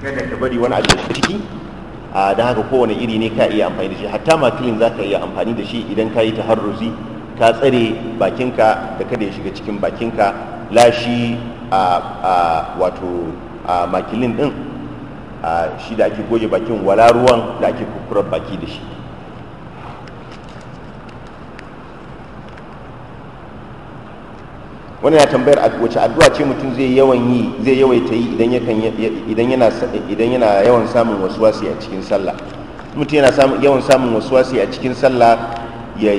kada ka bari wani abu da ciki a haka kowane iri ne ka iya amfani da shi hatta makilin za ka iya amfani da shi idan ka yi taharruzi ka tsare bakinka da kada ya shiga cikin bakinka lashi a wato a makilin din shi da ake goge bakin wala ruwan da ake kukurar baki da shi wani na tambayar wace addu'a ce mutum zai yawan yi zai yawaita yi idan yana yawan samun wasu a cikin sallah mutum yana yawan samun waswasi a cikin sallah ya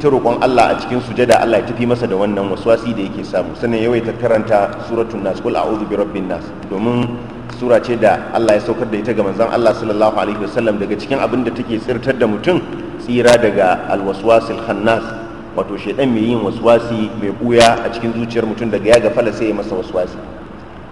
ta roƙon Allah a cikin sujada Allah ya tafi masa da wannan wasu wasi da yake samu sannan ta karanta suratun nas qul a'udhu bi rabbin nas domin sura ce da Allah ya saukar da ita ga manzon Allah sallallahu alaihi wasallam daga cikin abin da take tsirtar da mutum tsira daga alwaswasil khannas wato shaidan mai yin waswasi mai buya a cikin zuciyar mutum daga ya gafala sai ya masa waswasi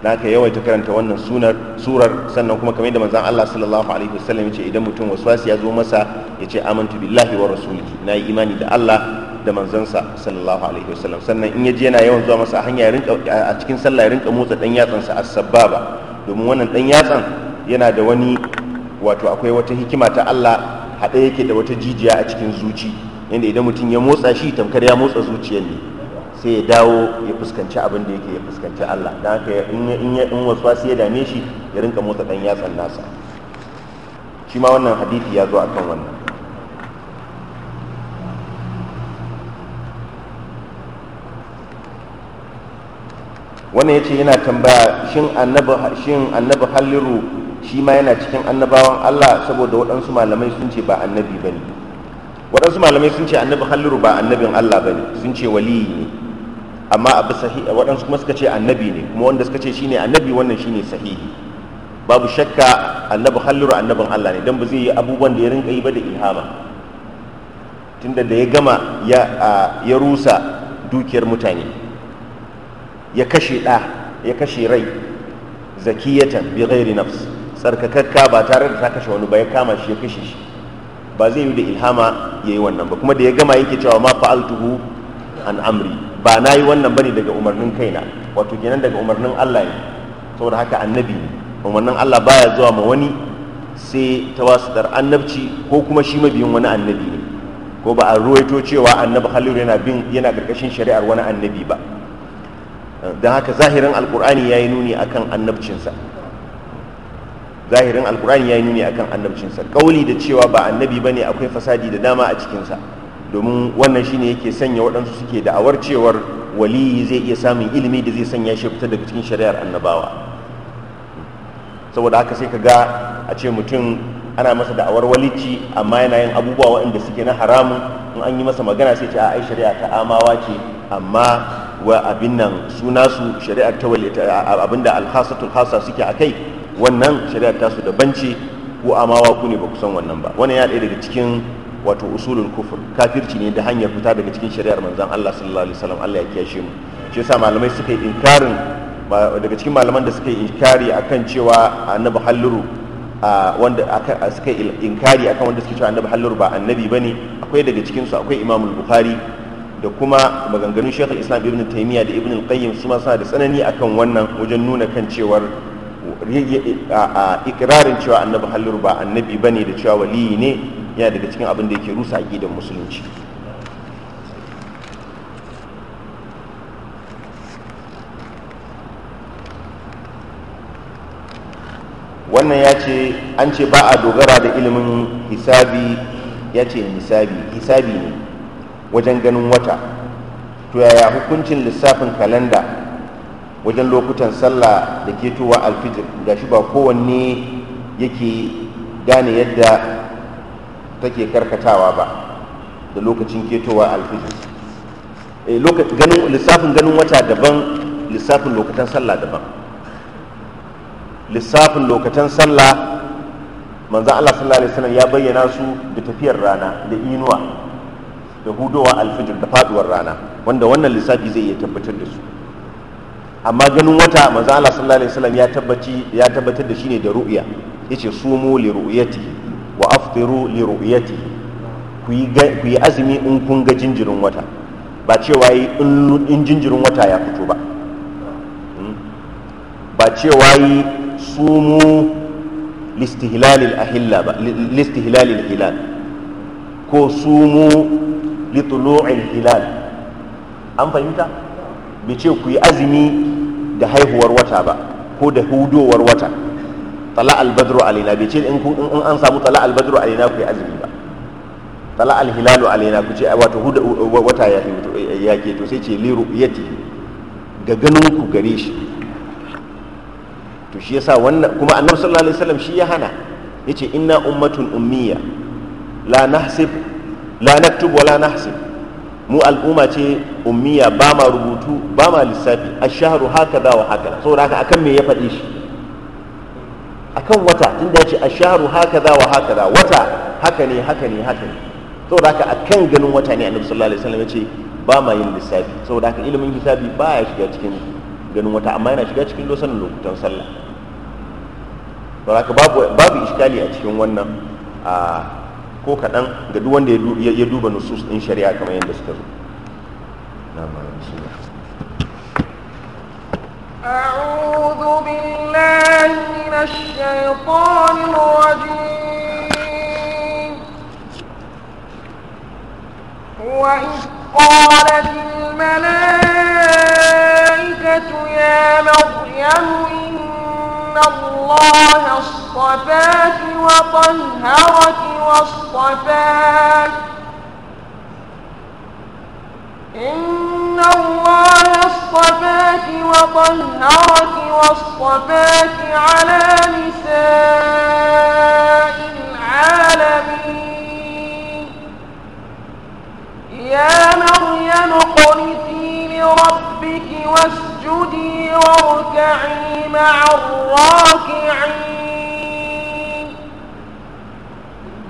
na ka yawaita karanta wannan sunar surar sannan kuma kamar da manzon Allah sallallahu alaihi wasallam ya ce idan mutum waswasi ya zo masa ya ce amantu billahi wa rasulihi na yi imani da Allah da manzansa sallallahu alaihi wasallam sannan in ya je yana yawan zuwa masa a hanya ya rinka a cikin sallah ya rinka motsa dan yatsansa as-sababa domin wannan dan yatsan yana da wani wato akwai wata hikima ta Allah haɗe yake da wata jijiya a cikin zuci yadda idan mutum ya motsa shi tamkar ya motsa zuciyar ne sai ya dawo ya fuskanci abin da yake ya fuskanci Allah don haka in ya in wasu ya dame shi ya rinka motsa dan yatsan nasa shi ma wannan hadithi ya zo a kan wannan wannan ya ce yana tambaya shin annabi shin annabi shi ma yana cikin annabawan Allah saboda waɗansu malamai sun ce ba annabi ba ne. waɗansu malamai sun ce annabi halliru ba annabin Allah ba ne sun ce waliyi ne amma abu sahihi waɗansu kuma suka ce annabi ne kuma wanda suka ce shine annabi wannan shine sahihi babu shakka annabi halliru annabin Allah ne don ba zai yi abubuwan da ya rinka yi ba da ilhama tunda da ya gama ya rusa dukiyar mutane ya kashe ɗa ya kashe rai zakiyatan bi ghairi nafs sarkakakka ba tare da ta kashe wani ba ya kama shi ya kashe shi ba zai yi da ilhama ya yi wannan ba kuma da ya gama yake cewa ma fa'altuhu an amri ba na yi wannan bane daga umarnin na wato kenan daga umarnin Allah ne saboda haka annabi umarnin Allah baya zuwa ma wani sai ta dar annabci ko kuma shi mabiyin wani annabi ne ko ba a ruwaito cewa annabi Khalil yana bin yana karkashin shari'ar wani annabi ba don haka zahirin alkur'ani ya yi nuni akan annabcinsa zahirin alkur'ani ya yi nuni akan annabcinsa kauli da cewa ba annabi ba ne akwai fasadi da dama a cikinsa domin wannan shine yake sanya waɗansu suke da'awar cewar waliyi zai iya samun ilimi da zai sanya shi fita daga cikin shari'ar annabawa saboda haka sai ka ga a ce mutum ana masa da'awar walici amma yana yin abubuwa waɗanda suke na haramun in an yi masa magana sai ce a ai shari'a ta amawa ce amma wa abin nan suna su shari'ar ta abinda alhasatul hasa suke a kai wannan shari'a su da banci ko amawa ku ne ba ku san wannan ba wannan ya ɗaya daga cikin wato usulul kufur kafirci ne da hanyar fita daga cikin shari'ar manzon Allah sallallahu alaihi wasallam Allah ya kiyashe mu shi yasa malamai suka yi inkarin daga cikin malaman da suka yi inkari akan cewa annabi halluru wanda aka suka yi inkari akan wanda suke cewa annabi halluru ba annabi bane akwai daga cikin su akwai Imam Bukhari da kuma maganganun Sheikh Islam Ibn Taymiyyah da Ibn Al-Qayyim su ma suna da tsanani akan wannan wajen nuna kan cewar ikirarin cewa annabi hallur ba annabi ba ne da cewa waliyi ne yana daga cikin abin da yake rusa a musulunci wannan ya ce an ce ba a dogara da ilimin hisabi ya ce hisabi hisabi ne wajen ganin wata to yaya hukuncin lissafin kalanda wajen lokutan sallah da towa alfijir ga shi ba kowanne yake gane yadda take karkatawa ba da lokacin ketowa alfijir eh, lissafin ganin wata daban lissafin lokutan sallah daban lissafin lokutan sallah manzan allah sallallahu alaihi wasallam ya bayyana su da tafiyar rana da inuwa da hudowa alfijir da faduwar rana wanda wannan lissafi zai iya tabbatar da su amma ganin wata manzo Allah sallallahu alaihi wasallam ya tabbaci ya tabbatar da shine da ru'ya yace sumu li ru'yatihi wa aftiru li ru'yatihi ku yi ku yi azumi in kun ga jinjirin wata ba cewa yi in jinjirin wata ya fito ba hmm? ba cewa yi sumu listihlal al-ahilla ba listihlal al-hilal ko sumu litulu'il hilal an fahimta bi ce ku yi azumi da haihuwar wata ba ko da hudowar wata tala albadru alaina bai ce in an samu tala albadru alaina ku yi azumi ba tala alhilalu alaina ku ce wato huda wata ya ke to sai ce li ru'yati ga ganin ku gare shi to shi yasa wannan kuma annabi sallallahu alaihi wasallam shi ya hana yace inna ummatun ummiya la nahsib la naktub wa la nahsib mu al'umma ce ummiya ba ma rubutu ba ma lissafi a shaharu haka da wa haka saboda haka akan me ya faɗi shi akan wata tunda ya ce shaharu haka da wa haka da wata haka ne haka ne haka ne saboda haka akan ganin wata ne annabi sallallahu alaihi wasallam ya ce ba ma yin lissafi saboda haka ilimin hisabi ba ya shiga cikin ganin wata amma yana shiga cikin dosan lokutan sallah saboda haka babu babu iskali a cikin wannan a ko kaɗan ga duk wanda ya duba nusus ɗin shari'a kamar yadda suka zo أعوذ بالله من الشيطان الرجيم وإذ قالت الملائكة يا مريم إن الله اصطفاك وطهرك واصطفاك إن الله اصطفاك وطهرك واصطفاك على نساء العالمين يا مريم اقنتي لربك واسجدي واركعي مع الراكعين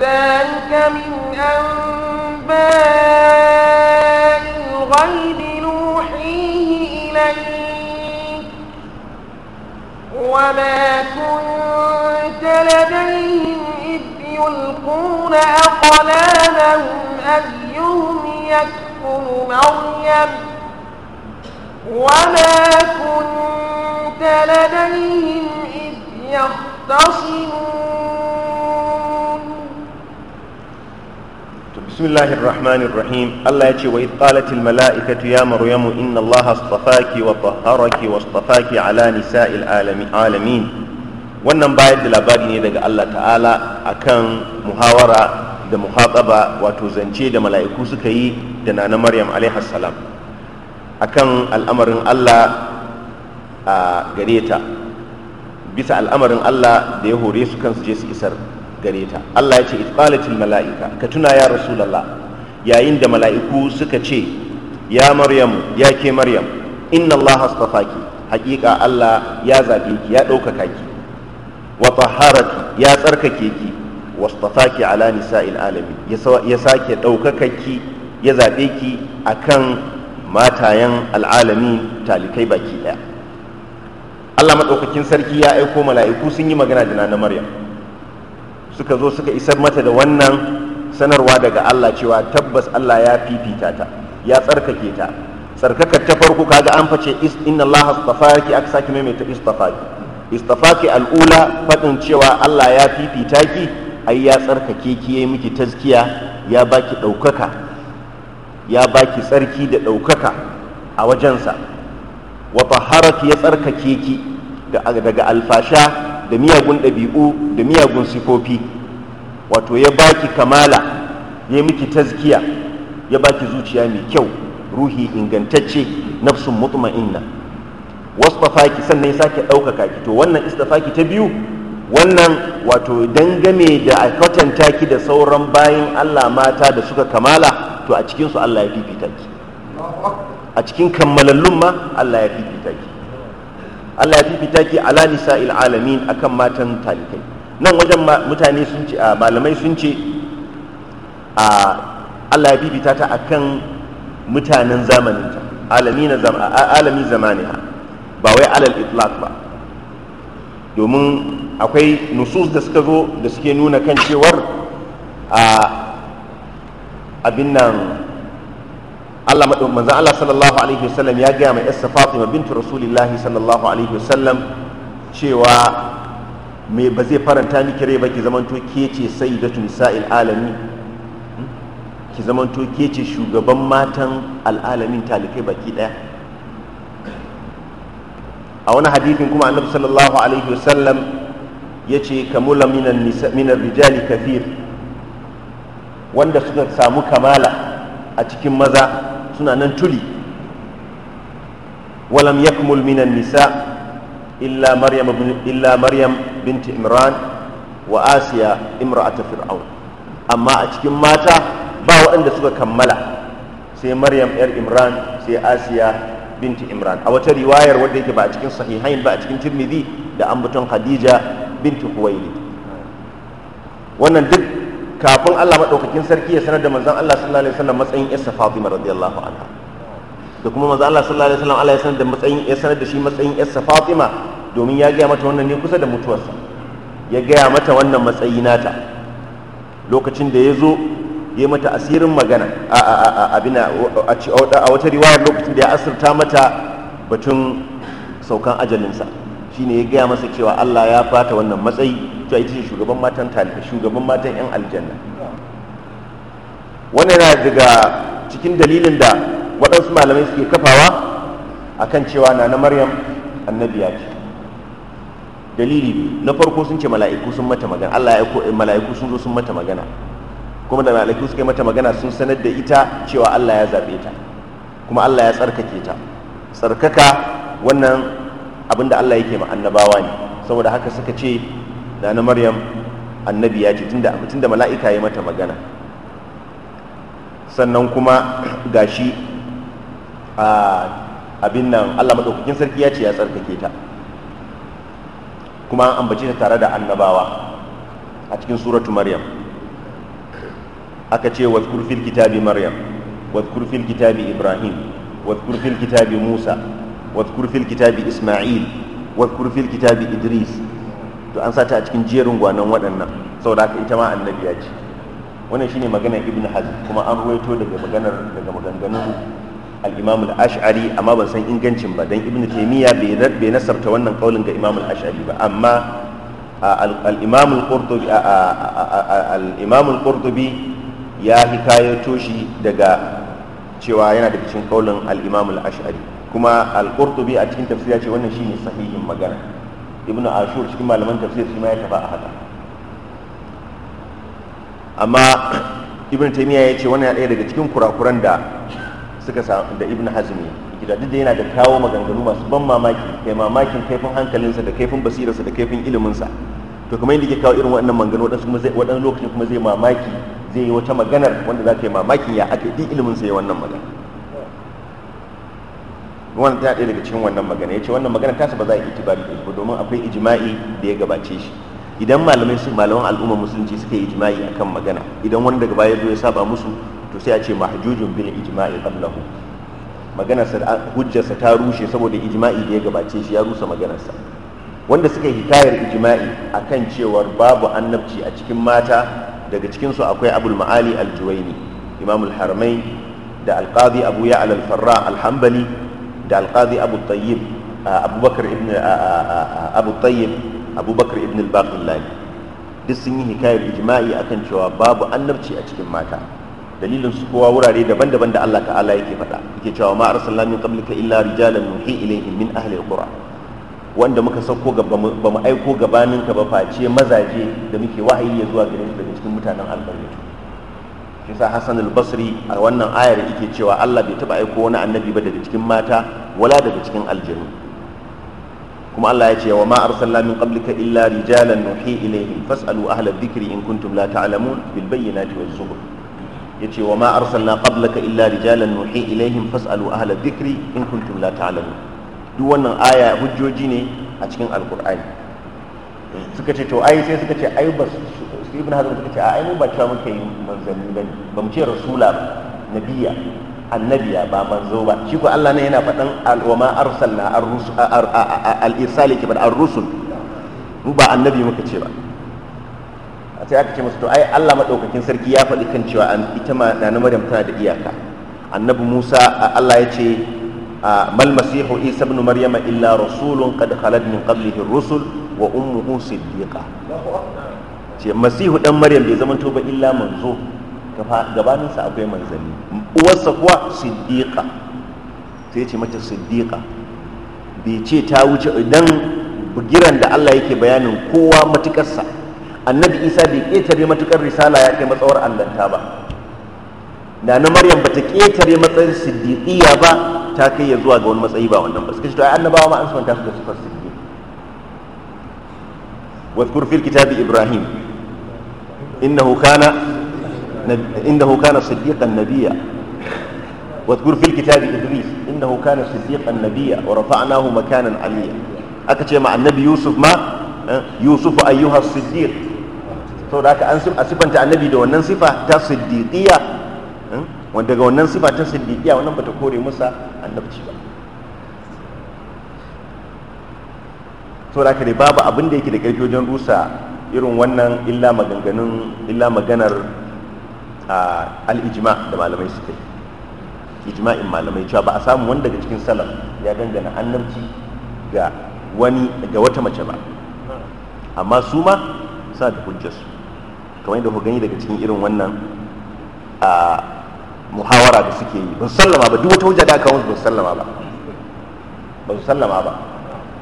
ذلك من أنباء الغيب نوحيه إليك وما كنت لديهم إذ يلقون أقلامهم أيهم يكفر مريم وما كنت لديهم إذ يختصمون bismillahir rahmanir rahim Allah ya ce wa id qalatil mala'ikatu ya maryamu inna Allah astafaki wa tahharaki wa astafaki ala nisa'il alamin wannan bayan da labari ne daga Allah ta'ala akan muhawara da muhaqaba wato zance da mala'iku suka yi da nana Maryam alaiha salam akan al'amarin Allah a gare ta bisa al'amarin Allah da ya hore su kansu je su isar gare ta Allah ya ce itqalatil mala'ika ka tuna ya rasulullah yayin da mala'iku suka ce ya maryam ya ke maryam inna allaha astafaki haƙiƙa Allah ya zabe ki ya ɗaukaka ki wa taharaki ya tsarkake ki wastafaki ala nisa'il alamin ya sake ɗaukaka ki ya zabe ki akan matayen al'alami talikai baki ɗaya Allah maɗaukakin sarki ya aiko mala'iku sun yi magana da na Maryam suka zo suka isar mata da wannan sanarwa daga Allah cewa tabbas Allah ya fifita ta ya tsarkake ta tsarkakar ta farko kaga an face inna Allah astafaki aka saki maimaita istafaki istafaki al'ula fadin cewa Allah ya fifita ki ai ya tsarkake ki yayi miki tazkiya ya baki daukaka ya baki tsarki da daukaka a wajensa wa taharaki ya tsarkake ki daga alfasha da miyagun ɗabi'u da miyagun sifofi wato ya baki kamala ya miki tazkiya ya baki zuciya mai kyau ruhi ingantacce nafsun mutma'inna tafaki sannan ya sake ɗaukaka ki to wannan istafaki ta biyu wannan wato dangame da a kwatanta ki da sauran bayan Allah mata da suka kamala to a cikinsu Allah ya fifita ki a cikin kammalallun ma Allah ya fifita ki Allah ya fifita ki ala il alamin akan matan talibai nan wajen mutane sun ce malamai sun ce Allah ya fifita ta akan mutanen zamanin ta, alami ha ba wai alal itlaq ba domin akwai nusus da suka zo da suke nuna kan cewar a abin nan Allah manzon Allah sallallahu alaihi wasallam ya gaya mai yassa Fatima bintu Rasulullahi sallallahu alaihi wasallam cewa me ba zai faranta miki rai ba ki zamanto ke ce sayyidatu nisa'il alami hmm? ki zamanto ke ce shugaban matan al'alamin talikai baki daya a wani hadithin kuma annabi sallallahu alaihi wasallam ya ce kamula minan rijali kafir wanda suka samu kamala a cikin maza suna nan tuli walam yak minan nisa illa maryam illa maryam binti imran wa asiya imra'atu fir'aun amma a cikin mata ba waɗanda suka kammala sai maryam yar imran sai asiya binti imran a wata riwayar wadda yake ba a cikin sahihain ba a cikin tirmidhi da ambaton khadija binti huwaili duk kafin Allah maɗaukakin sarki ya sanar da manzon Allah sallallahu alaihi wasallam matsayin Isa Fatima radiyallahu anha da kuma manzon Allah sallallahu alaihi wasallam Allah ya sanar da matsayin ya sanar da shi matsayin Isa Fatima domin ya gaya mata wannan ne kusa da mutuwarsa ya gaya mata wannan matsayi nata lokacin da ya zo ya mata asirin magana a wata riwayar lokacin da ya asirta mata batun saukan ajalinsa shine ya gaya masa cewa Allah ya fata wannan matsayi to ai ce shugaban matan shugaban matan yan aljanna wannan yana daga cikin dalilin da waɗansu malamai suke kafawa akan cewa na na maryam ya ce dalili na farko sun ce mala'iku sun mata magana Allah ya eh, mala'iku sun zo sun mata magana kuma da mala'iku suka yi mata magana sun sanar da ita cewa Allah ya zaɓe ta kuma Allah ya tsarkake ta tsarkaka wannan abin da Allah yake ma annabawa ne saboda haka suka ce da na maryam annabi ya ce tunda mala'ika ya mata magana sannan kuma gashi a abin nan allah maɗaukakin sarki ya ce ya tsarkake ta kuma an ambace ta tare da annabawa a cikin suratu maryam aka ce wadkur fil kitabi maryam fil kitabi ibrahim wadkur fil kitabi musa wadkur fil kitabi isma'il wadkur fil kitabi idris to an sata a cikin jerin gwanon waɗannan saboda haka ita ma annabi ya ce wannan shine maganar ibn hazm kuma an ruwaito daga maganar daga maganganun al-imam ashari amma ban san ingancin ba dan ibn taymiya bai nasarta wannan kaulin ga imam al-ash'ari ba amma al-imam al-qurtubi al-imam ya hikayato shi daga cewa yana da cikin kaulin al ashari kuma al a cikin tafsira ce wannan shine sahihin magana ibn ashur cikin malaman tafsir shi ma ya tafa a haka amma ibn taymiya ya ce wannan ɗaya daga cikin kurakuran da suka da ibn hazmi gida duk da yana da kawo maganganu masu ban mamaki kai mamakin kaifin hankalinsa da kaifin basirarsa da kaifin iliminsa to kuma yadda yake kawo irin waɗannan maganganu waɗansu kuma zai waɗannan lokacin kuma zai mamaki zai yi wata maganar wanda za ka yi mamakin ya aka yi iliminsa ya wannan magana wannan ta ɗaya daga cikin wannan magana ya ce wannan magana tasa ba za a yi itibari da ba domin akwai ijma'i da ya gabace shi idan malamai su malaman al'ummar musulunci suka yi ijma'i akan magana idan wani daga baya zo ya saba musu to sai a ce mahjujun bil ijma'i qablahu magana sa hujjarsa ta rushe saboda ijma'i da ya gabace shi ya rusa maganarsa wanda suka yi hikayar ijma'i akan cewar babu annabci a cikin mata daga cikin su akwai abul ma'ali al-juwaini imamul haramai da al-qadi abu ya al-farra al-hanbali da alqadi abu tayyib abubakar ibn abu tayyib abubakar ibn al-baqillani duk sun yi hikayar ijma'i akan cewa babu annabci a cikin mata dalilin su kowa wurare daban-daban da Allah ta'ala yake faɗa yake cewa ma arsalna min qablika illa rijalan nuhi ilaihim min ahli alqura wanda muka sauko ga bamu aiko gabanin ka ba face mazaje da muke wahayi ya zuwa gare daga cikin mutanen alƙarya yasa Hassan al-Basri a wannan ayar yake cewa Allah bai taba aiko wani annabi ba daga cikin mata wala daga cikin aljanu kuma Allah ya ce wa ma arsalna min qablika illa rijalan nuhi ilaihim fasalu ahla dhikri in kuntum la ta'lamun bil bayyinati waz zubur yace wa ma arsalna qablaka illa rijalan nuhi ilaihim fasalu ahla dhikri in kuntum la ta'lamun duk wannan aya hujjoji ne a cikin alqur'ani suka ce to ai sai suka ce ai ba sai ibn hazm suka ce a ai mu ba cewa muke yi manzanni bane ba mu ce rasula nabiya annabiya ba manzo ba shi ko Allah ne yana faɗan alwama arsalna al-irsal kibar ar-rusul mu ba annabi muka ce ba sai aka ce musu to ai Allah maɗaukakin sarki ya faɗi kan cewa ita ma na Maryam tana da iyaka annabi Musa Allah ya ce mal masihu Isa ibn Maryama illa rasulun qad khalat min qablihi ar-rusul wa ummuhu siddiqa ce masihu dan maryam bai zama ba illa manzo gabaninsa akwai manzanni uwarsa kuwa siddiqa sai ce mata siddiqa bai ce ta wuce idan bugiran da Allah yake bayanin kowa matukarsa annabi isa bai ƙetare matukar risala ya kai matsawar allanta ba na na maryam bata ƙetare matsayin siddiqiya ba ta kai ya zuwa ga wani matsayi ba wannan ba suka ce to ai annabawa ma an suwanta su da su siddiq wa fil kitabi ibrahim إنه كان إنه كان صديقا نبيا واذكر في الكتاب إدريس إنه كان صديقا نبيا ورفعناه مكانا عليا أكتشي مع النبي يوسف ما يوسف أيها الصديق sau da aka an sifanta annabi da wannan sifa ta siddiqiya wanda daga wannan sifa ta siddiqiya wannan bata kore masa annabci ba sau da aka babu abin da yake da ƙarfi wajen rusa irin wannan illa maganganun illa maganar al'ijima da malamai suka yi ijma'in malamai cewa ba a samu wani daga cikin salam ya dangana annabci ga wani ga wata mace ba amma su ma sa da hujjarsu kamar yadda ku gani daga cikin irin wannan muhawara da suke yi Ban sallama ba duk wata hujja da aka wanzu ban sallama ba ban sallama ba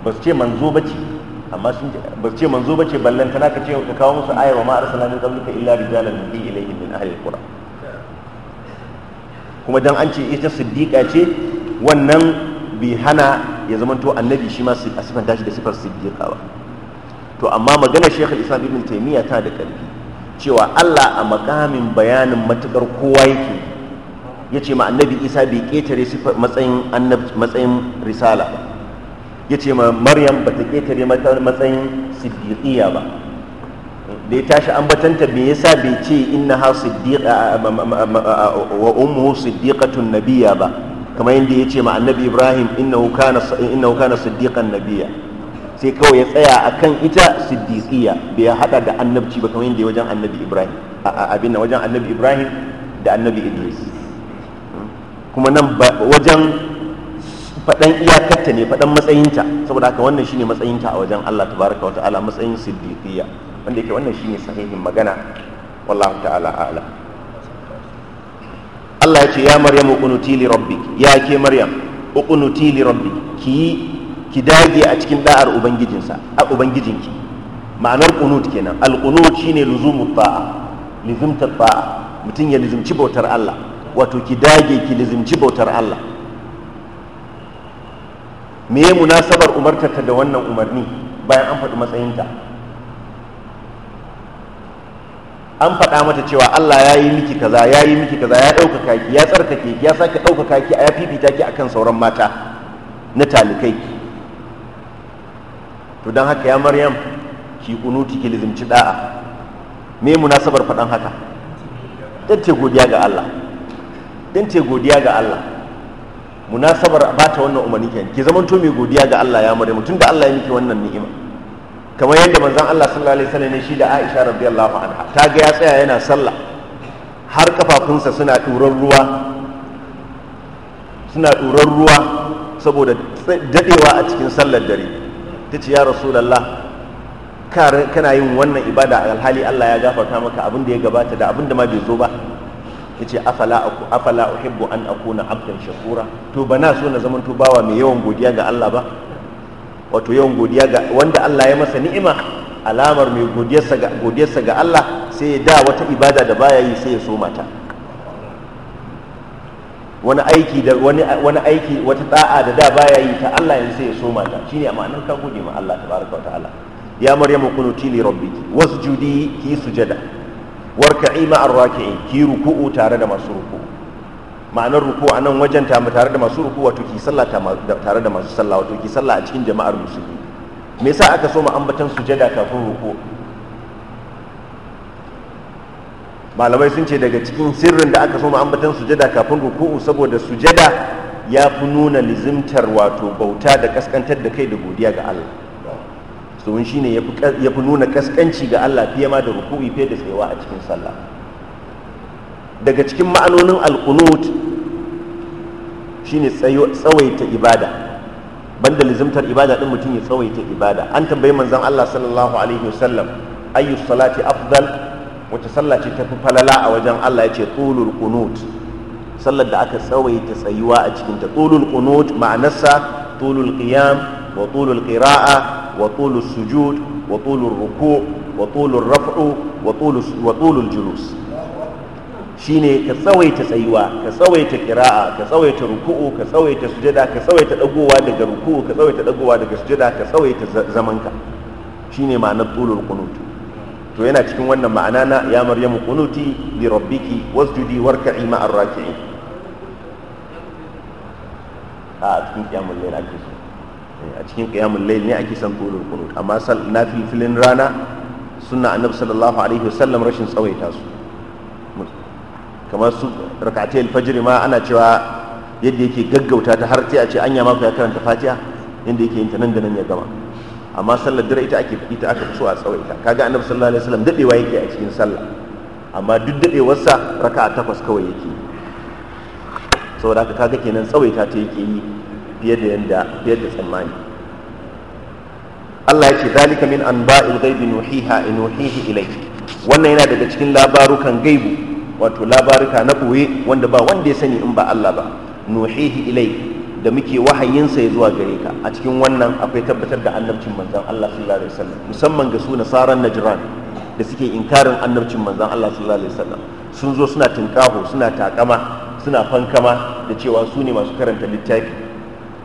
ba su ce manzo ba ce amma sun ba ce manzo ba ce ballan tana ka ce ka kawo musu aya wa ma arsala min qablika illa rijalan nuhi ilayhim min ahli alqura kuma dan an ce ita siddiqa ce wannan bi hana ya zamanto annabi shi ma a sifanta da sifar siddiqa ba to amma maganar shekhu islam ibn taymiya ta da karfi cewa Allah a makamin bayanin matukar kowa yake ya ce ma annabi isa bai ketare matsayin risala ba ya ce ma maryam ba ta ƙetare matsayin siddiƙiya ba da ya tashi ambatanta me yasa bai ce inna ha siddiqa wa umu siddiqatun nabiyya ba kamar yadda ya ce ma annabi ibrahim innahu kana innahu kana siddiqan nabiyya sai kawai ya tsaya a kan ita siddiqiya bai hada da annabci ba kamar yadda wajen annabi ibrahim abin wajen annabi ibrahim da annabi idris kuma nan wajen faɗan iyakarta ne faɗan matsayinta saboda haka wannan shine matsayinta a wajen Allah tabaraka wa ta'ala matsayin siddiqiyya wanda yake wannan shine sahihin magana wallahu ta'ala a'lam Allah ya ce ya maryamu uqnuti li rabbik ya ke maryam uqnuti li rabbik ki ki dage a cikin da'ar ubangijinsa a ubangijinki ma'anar qunut kenan al qunut shine luzumu ta'a lizumtat ta'a mutum ya lizumci bautar Allah wato ki dage ki lizumci bautar Allah me ya munasabar umartarta da wannan umarni bayan an faɗi matsayinta an faɗa mata cewa Allah ya yi miki kaza ya yi miki kaza ya ɗaukaka ki ya tsarkake ki ya sake ɗaukaka ki ya fifita ki akan sauran mata na talikai to don haka ya maryam ki kunuti ki lizimci da'a me munasabar faɗan haka dan ce godiya ga Allah dan ce godiya ga Allah munasabar ba ta wannan umarni ke ki zamanto mai godiya ga Allah ya mare mutum da Allah ya miki wannan ni'ima kamar yadda manzon Allah sallallahu alaihi wasallam ne shi da Aisha radiyallahu anha ta ga ya tsaya yana sallah har kafafunsa suna ɗuran ruwa suna ɗuran ruwa saboda dadewa a cikin sallar dare ta ce ya rasulullah kana yin wannan ibada a alhali Allah ya gafarta maka abin da ya gabata da abin da ma bai zo ba ce afala aku afala uhibbu an akuna abdan shakura to bana so na zaman to bawa mai yawan godiya ga Allah ba wato yawan godiya ga wanda Allah ya masa ni'ima alamar mai godiyarsa ga godiyarsa ga Allah sai ya da wata ibada da baya yi sai ya so mata wani aiki da wani wani aiki wata da'a da da baya yi ta Allah yanzu sai ya so mata shine ma'anar ka gode ma Allah tabaraka wa ta'ala ya maryamu kunuti li rabbiki wasjudi ki sujada warka'i ma'ar raki'in ki ruku'u tare da masu ruku'u ma'anar ruku a nan wajen tare da masu ruku wato ki sallah tare da masu sallah wato ki sallah a cikin jama'ar musulmi me yasa aka so mu ambatan sujada kafin ruku malamai sun ce daga cikin sirrin da aka so mu ambatan sujada kafin ruku'u saboda sujada ya fi nuna lizimtar wato bauta da kaskantar da kai da godiya ga Allah domin ne ya fi nuna kaskanci ga Allah fiye ma da ruku'i fiye da tsayawa a cikin sallah daga cikin ma'anonin alkunut shine tsawaita ibada banda lizimtar ibada din mutum ya tsawaita ibada an tambayi manzon Allah sallallahu alaihi wasallam ayyu salati afdal wata sallah ce tafi falala a wajen Allah ce tulul qunut sallar da aka tsawaita tsayuwa a cikin ta tulul qunut ma'anarsa tulul qiyam wa tulul qira'a wa tulul sujud wa tulul ruku wa tulul raf'u wa tulul julus shine ka tsawaita tsayuwa ka tsawaita kira'a ka tsawaita ruku'u ka tsawaita sujada ka tsawaita dagowa daga ruku'u ka tsawaita dagowa daga sujada ka tsawaita zamanka shine ma'anar tulul qunut to yana cikin wannan ma'ana na ya maryamu qunuti li a cikin kiyamun layl ne ake san qulul kunut amma sal nafilfilin rana sunna annabi sallallahu alaihi wasallam rashin tsawaita su kamar su rak'atai alfajr ma ana cewa yadda yake gaggauta ta har sai a ce anya ma ya karanta fatiha yadda yake yin ta nan da nan ya gama amma sallar dare ita ake ita aka so a tsawaita kaga annabi sallallahu alaihi wasallam dadewa yake a cikin sallah amma duk dadewarsa raka'a takwas kawai yake saboda haka kaga kenan tsawaita ta yake yi fiye da tsammani Allah ya ce zalika min an anba'il ghaibi nuhiha nuhihi ilai. wannan yana daga cikin labarukan gaibu wato labaruka na ɓoye wanda ba wanda ya sani in ba Allah ba nuhihi ilai da muke wahayinsa ya zuwa gare ka a cikin wannan akwai tabbatar da annabcin manzan Allah sallallahu alaihi wasallam musamman ga su nasaran najiran da suke inkarin annabcin manzan Allah sallallahu alaihi wasallam sun zo suna tinkaho suna takama suna fankama da cewa su ne masu karanta littafi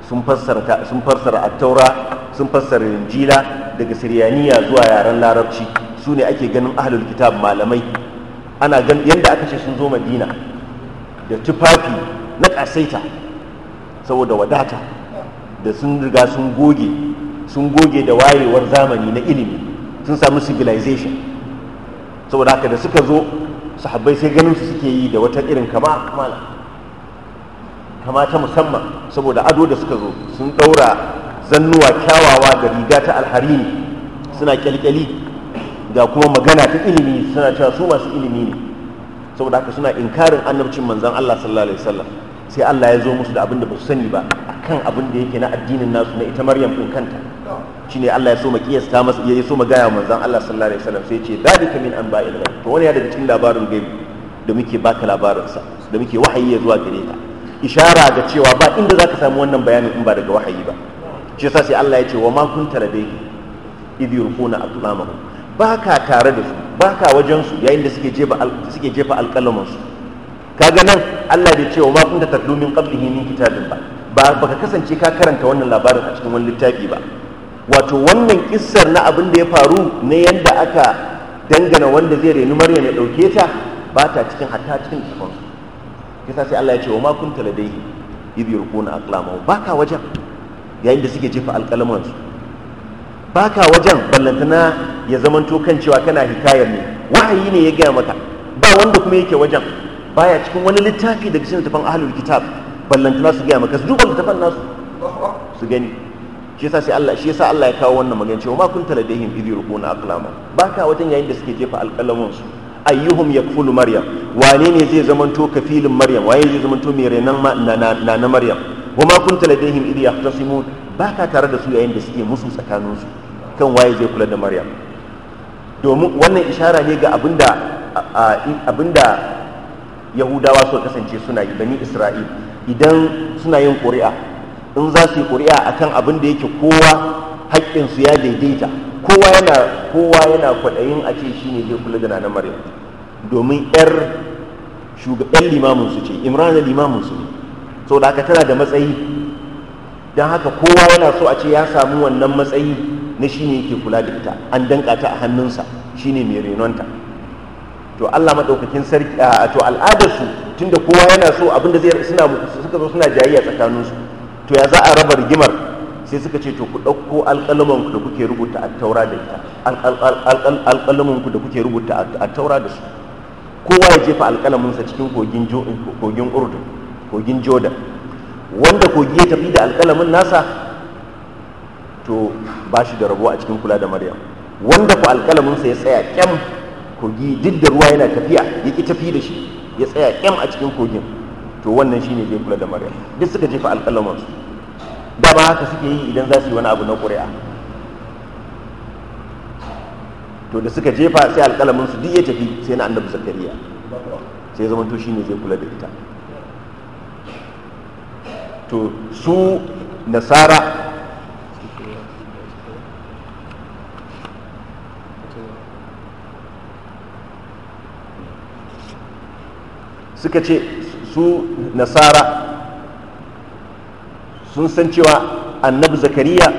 sun fassara attaura taura sun fassara injila daga siriyaniya zuwa yaren larabci su ne ake ganin ahalul kitab malamai ana gan yadda aka ce sun zo madina da tufafi na kasaita saboda wadata da sun riga sun goge sun goge da wayewar zamani na ilimi sun samu civilization saboda haka da suka zo sahabbai sai ganin su suke yi da wata irin kama mala kamata musamman saboda ado da suka zo sun ɗaura zannuwa kyawawa da riga ta alharini suna kyalkyali ga kuma magana ta ilimi suna cewa su masu ilimi ne saboda haka suna inkarin annabcin manzan Allah sallallahu alaihi wasallam sai Allah ya zo musu da abin da ba su sani ba akan abin da yake na addinin nasu na ita Maryam din kanta shine Allah ya so ma kiyasta masa ya so ma gaya manzan Allah sallallahu alaihi wasallam sai ya ce dalika min anba'il ghaib to wani ya daga cikin labarin gaibi da muke baka labarin sa da muke wahayi ya zuwa gare ka ishara da cewa ba inda za ka samu wannan bayanin in ba daga wahayi ba shi sa sai Allah ya ce wa ma kunta ladayhi idh yulquna aqlamahum baka tare da su baka wajen su yayin da suke jefa suke jefa alƙalamin su kaga nan Allah bai ce wa ma ta tatlu min qablihi min kitabin ba ba ka kasance ka karanta wannan labarin a cikin wani littafi ba wato wannan kissar na abin da ya faru na yadda aka dangana wanda zai renu maryam ya ɗauke ta ba ta cikin hatta cikin littafansu yasa sai Allah ya ce wa ma kunta ladaihi idh yulquna Ba baka wajen yayin da suke jefa alƙalaman su baka wajen ballantana ya zamanto kan cewa kana hikayar ne wahayi ne ya gaya maka ba wanda kuma yake wajen baya cikin wani littafi daga cikin tafan ahlul kitab ballantana su gaya maka su duba littafin nasu su gani shi yasa sai Allah shi yasa Allah ya kawo wannan magana cewa ma kunta ladaihim idh yulquna Ba baka wajen yayin da suke jefa alƙalaman su ayyuhum yakfulu maryam wane ne zai zamanto kafilin maryam waye zai zamanto mai renan na na maryam wa ma kunta ladaihim idh yahtasimun ka tare da su yayin da suke musu tsakanin su kan waye zai kula da maryam domin wannan ishara ne ga abinda abinda yahudawa suka kasance suna yi bani isra'il idan suna yin ƙuri'a in za su yi ƙuri'a akan abin da yake kowa su ya daidaita kowa yana kwaɗayin a ce shine zai kula da na maryam domin yar shugaban limamin su ce imran limamin su ne da haka tana da matsayi don haka kowa yana so a ce ya samu wannan matsayi na shine yake kula da ita an danka ta a hannunsa shine mai renonta to Allah maɗaukakin sarki to al'adarsu tun tunda kowa yana so abinda zai suna suka zo suna jayayya tsakaninsu to ya za a raba rigimar sai suka ce to ku ɗauko alƙalmanku da kuke rubuta a taura da ita alƙalmanku da kuke rubuta a taura da su kowa ya jefa alƙalaminsa cikin kogin kogin kogin jordan wanda kogi ya tafi da alƙalamin nasa to ba shi da rabo a cikin kula da maryam wanda ku alƙalaminsa ya tsaya kyam kogi duk da ruwa yana tafiya ya ki tafi da shi ya tsaya kyam a cikin kogin to wannan shine zai kula da maryam duk suka jefa alƙalaminsu da ba haka suke yi idan za su yi wani abu na ƙuri'a to da suka jefa sai alƙalamin su duk ya tafi sai na annabi zakariya sai zama to shine zai kula da ita to su nasara suka ce su nasara sun san cewa annabi zakariya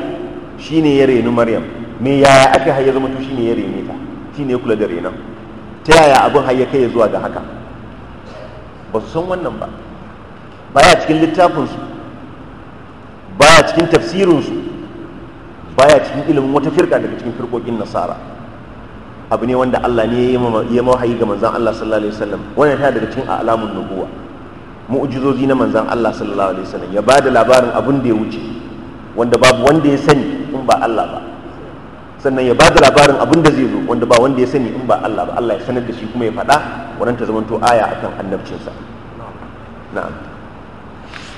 shine ya renu maryam me yaya aka hayar zama to shine ya rene ta shine kula da renon ta yaya abin har ya kai zuwa ga haka ba su san wannan ba baya cikin littafinsu baya cikin tafsirinsu baya cikin ilimin wata firka daga cikin firkokin nasara abu ne wanda Allah ne ya mawahayi ga manzan Allah sallallahu alaihi wasallam wannan ta daga cikin alamun nubuwa mu'ujizozi na manzan Allah sallallahu alaihi wasallam ya bada labarin abin da ya wuce wanda babu wanda ya sani in ba Allah ba sannan ya ba da labarin abin da zai zo wanda ba wanda ya sani in ba Allah ba Allah ya sanar da shi kuma ya faɗa wannan ta zamanto aya akan annabcinsa na'am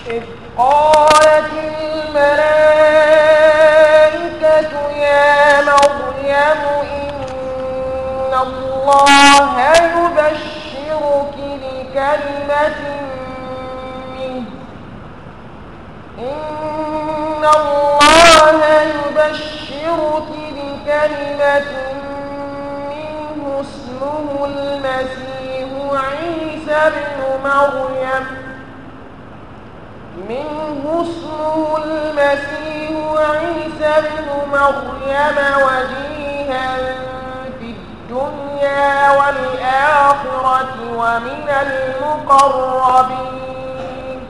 إذ قالت الملائكة يا مريم إن الله يبشرك بكلمة منه إن الله يبشرك بكلمة كلمة منه اسمه المسيح عيسى بن مريم منه اسمه المسيح عيسى بن مريم وجيها في الدنيا والآخرة ومن المقربين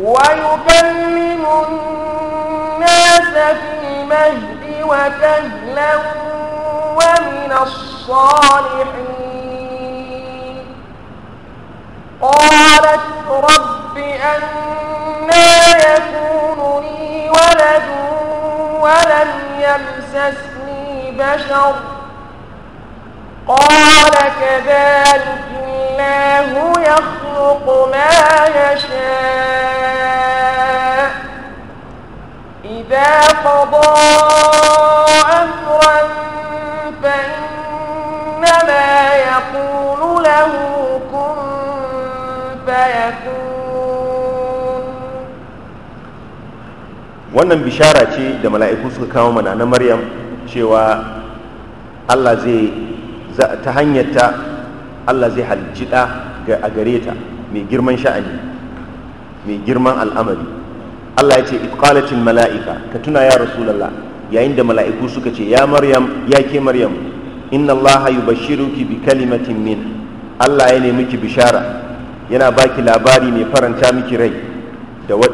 ويكلم الناس في المهد وكهلا ومن الصالحين قالت رب أنا يكون لي ولد ولم يمسسني بشر قال كذلك الله يخلق ما يشاء إذا قضى wannan bishara ce da mala'iku suka kawo mana na maryam cewa allah zai ta hanyarta allah zai halci ɗa a gare ta mai girman sha'ani mai girman al'amari allah ya ce iqalatil mala'ika ka tuna ya rasulallah yayin da mala'iku suka ce ya maryam ya ke maryam inna allah ki bi kalimatin min allah ya nemi ki bishara yana baki labari mai faranta miki rai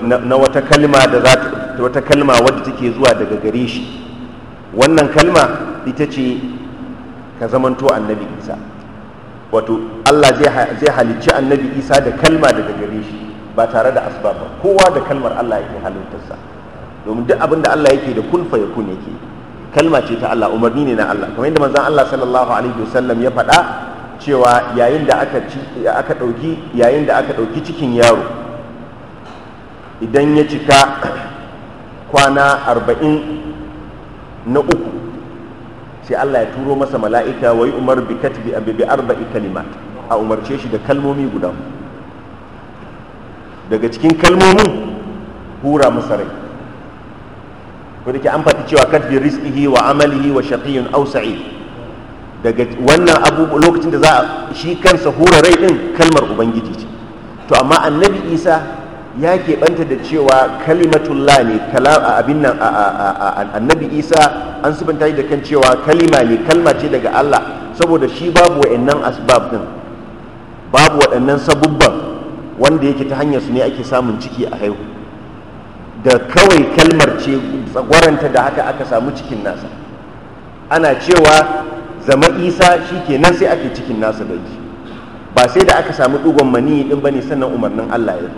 na wata kalima da za ta ta wata kalma wadda take zuwa daga gare shi wannan kalma ita ce ka zamanto annabi isa wato allah zai halicci annabi isa da kalma daga gare shi ba tare da asbab ba kowa da kalmar allah yake halittarsa domin duk abin da allah yake da kulfa ya yakun yake kalma ce ta allah umarni ne na allah kamar yadda manzon allah sallallahu alaihi wasallam ya faɗa cewa yayin da aka aka ɗauki yayin da aka ɗauki cikin yaro idan ya cika kwana arba'in na uku sai Allah ya turo masa mala'ika wa yi umar bi abu bi arba'i kalimat a umarce shi da kalmomi guda daga cikin kalmomin hura masa rai ko da ke an faɗi cewa bi rizqihi wa amalihi wa shaqiyyun aw daga wannan abubuwa lokacin da za a shi kansa hura rai din kalmar ubangiji ce to amma annabi isa ya keɓanta da cewa kalimatullah ne a abin nan annabi isa an subanta da kan cewa kalima ne kalma ce daga allah saboda shi babu wa'annan asbab din babu waɗannan sabubban wanda yake ta hanyar su ne ake samun ciki a haihu da kawai kalmar ce tsagwaranta da haka aka samu cikin nasa ana cewa zama isa shi kenan sai ake cikin nasa da ba sai da aka samu ɗugon mani ɗin ba ne sannan umarnin allah ya zo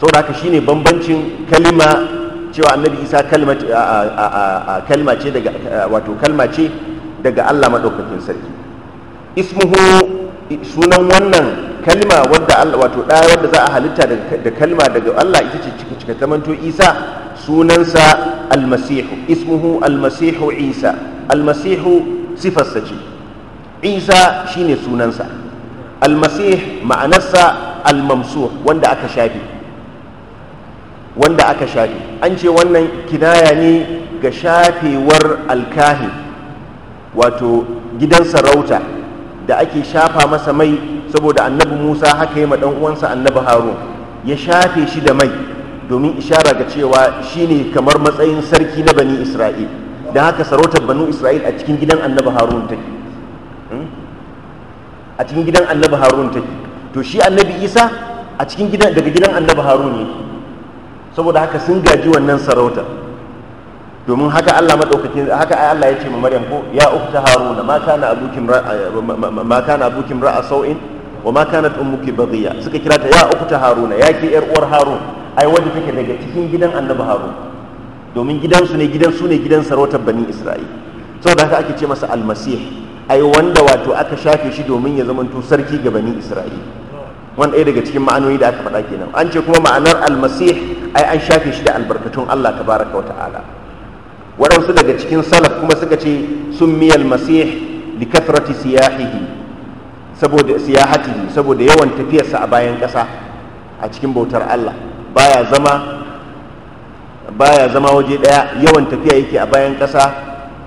da haka shine bambancin kalima cewa annabi isa kalma ce daga wato kalma ce daga allah maɗaukakin sarki ismuhu sunan wannan kalma wadda allah wato ɗaya wadda za a halitta da kalma daga allah ita ce cika zamanto isa sunansa almasihu ismuhu almasihu isa almasihu sifarsa ce isa shine sunansa almasih ma'anarsa almamsuh wanda aka shafe wanda aka shafe an ce wannan kinaya ne ga shafewar alkahi wato gidan sarauta da ake shafa masa mai saboda annabi musa haka yi dan uwansa annabi harun ya shafe shi da mai domin ishara ga cewa shine kamar matsayin sarki na bani isra'il da haka sarautar Bani isra'il a cikin gidan annabi harun take hmm? a cikin gidan annabi harun take to shi annabi isa a cikin gidan daga gidan annabi harun ne saboda haka sun gaji wannan sarauta. domin haka Allah madaukakin haka Allah ya ce ma Maryam ko ya ukta haruna ma kana abuki ma kana abuki ra'a sau'in wa ma kanat ummuki baghiya suka kira ta ya ukta haruna ya ke yar uwar harun ai wanda take daga cikin gidan annabi harun domin gidansu ne gidan su ne gidan sarautar bani isra'il saboda haka ake ce masa almasih ai wanda wato aka shafe shi domin ya zamanto sarki ga bani isra'il wani ɗaya daga cikin ma'anoni da aka faɗa kenan an ce kuma ma'anar almasih ai an shafe shi da albarkatun Allah Ta baraka wa ta'ala waɗansu daga cikin salaf kuma suka ce sun miyar masih li kathrati siyahihi saboda siyahatihi saboda yawan tafiyarsa a bayan ƙasa a cikin bautar Allah baya zama waje ɗaya yawan tafiya yake a bayan ƙasa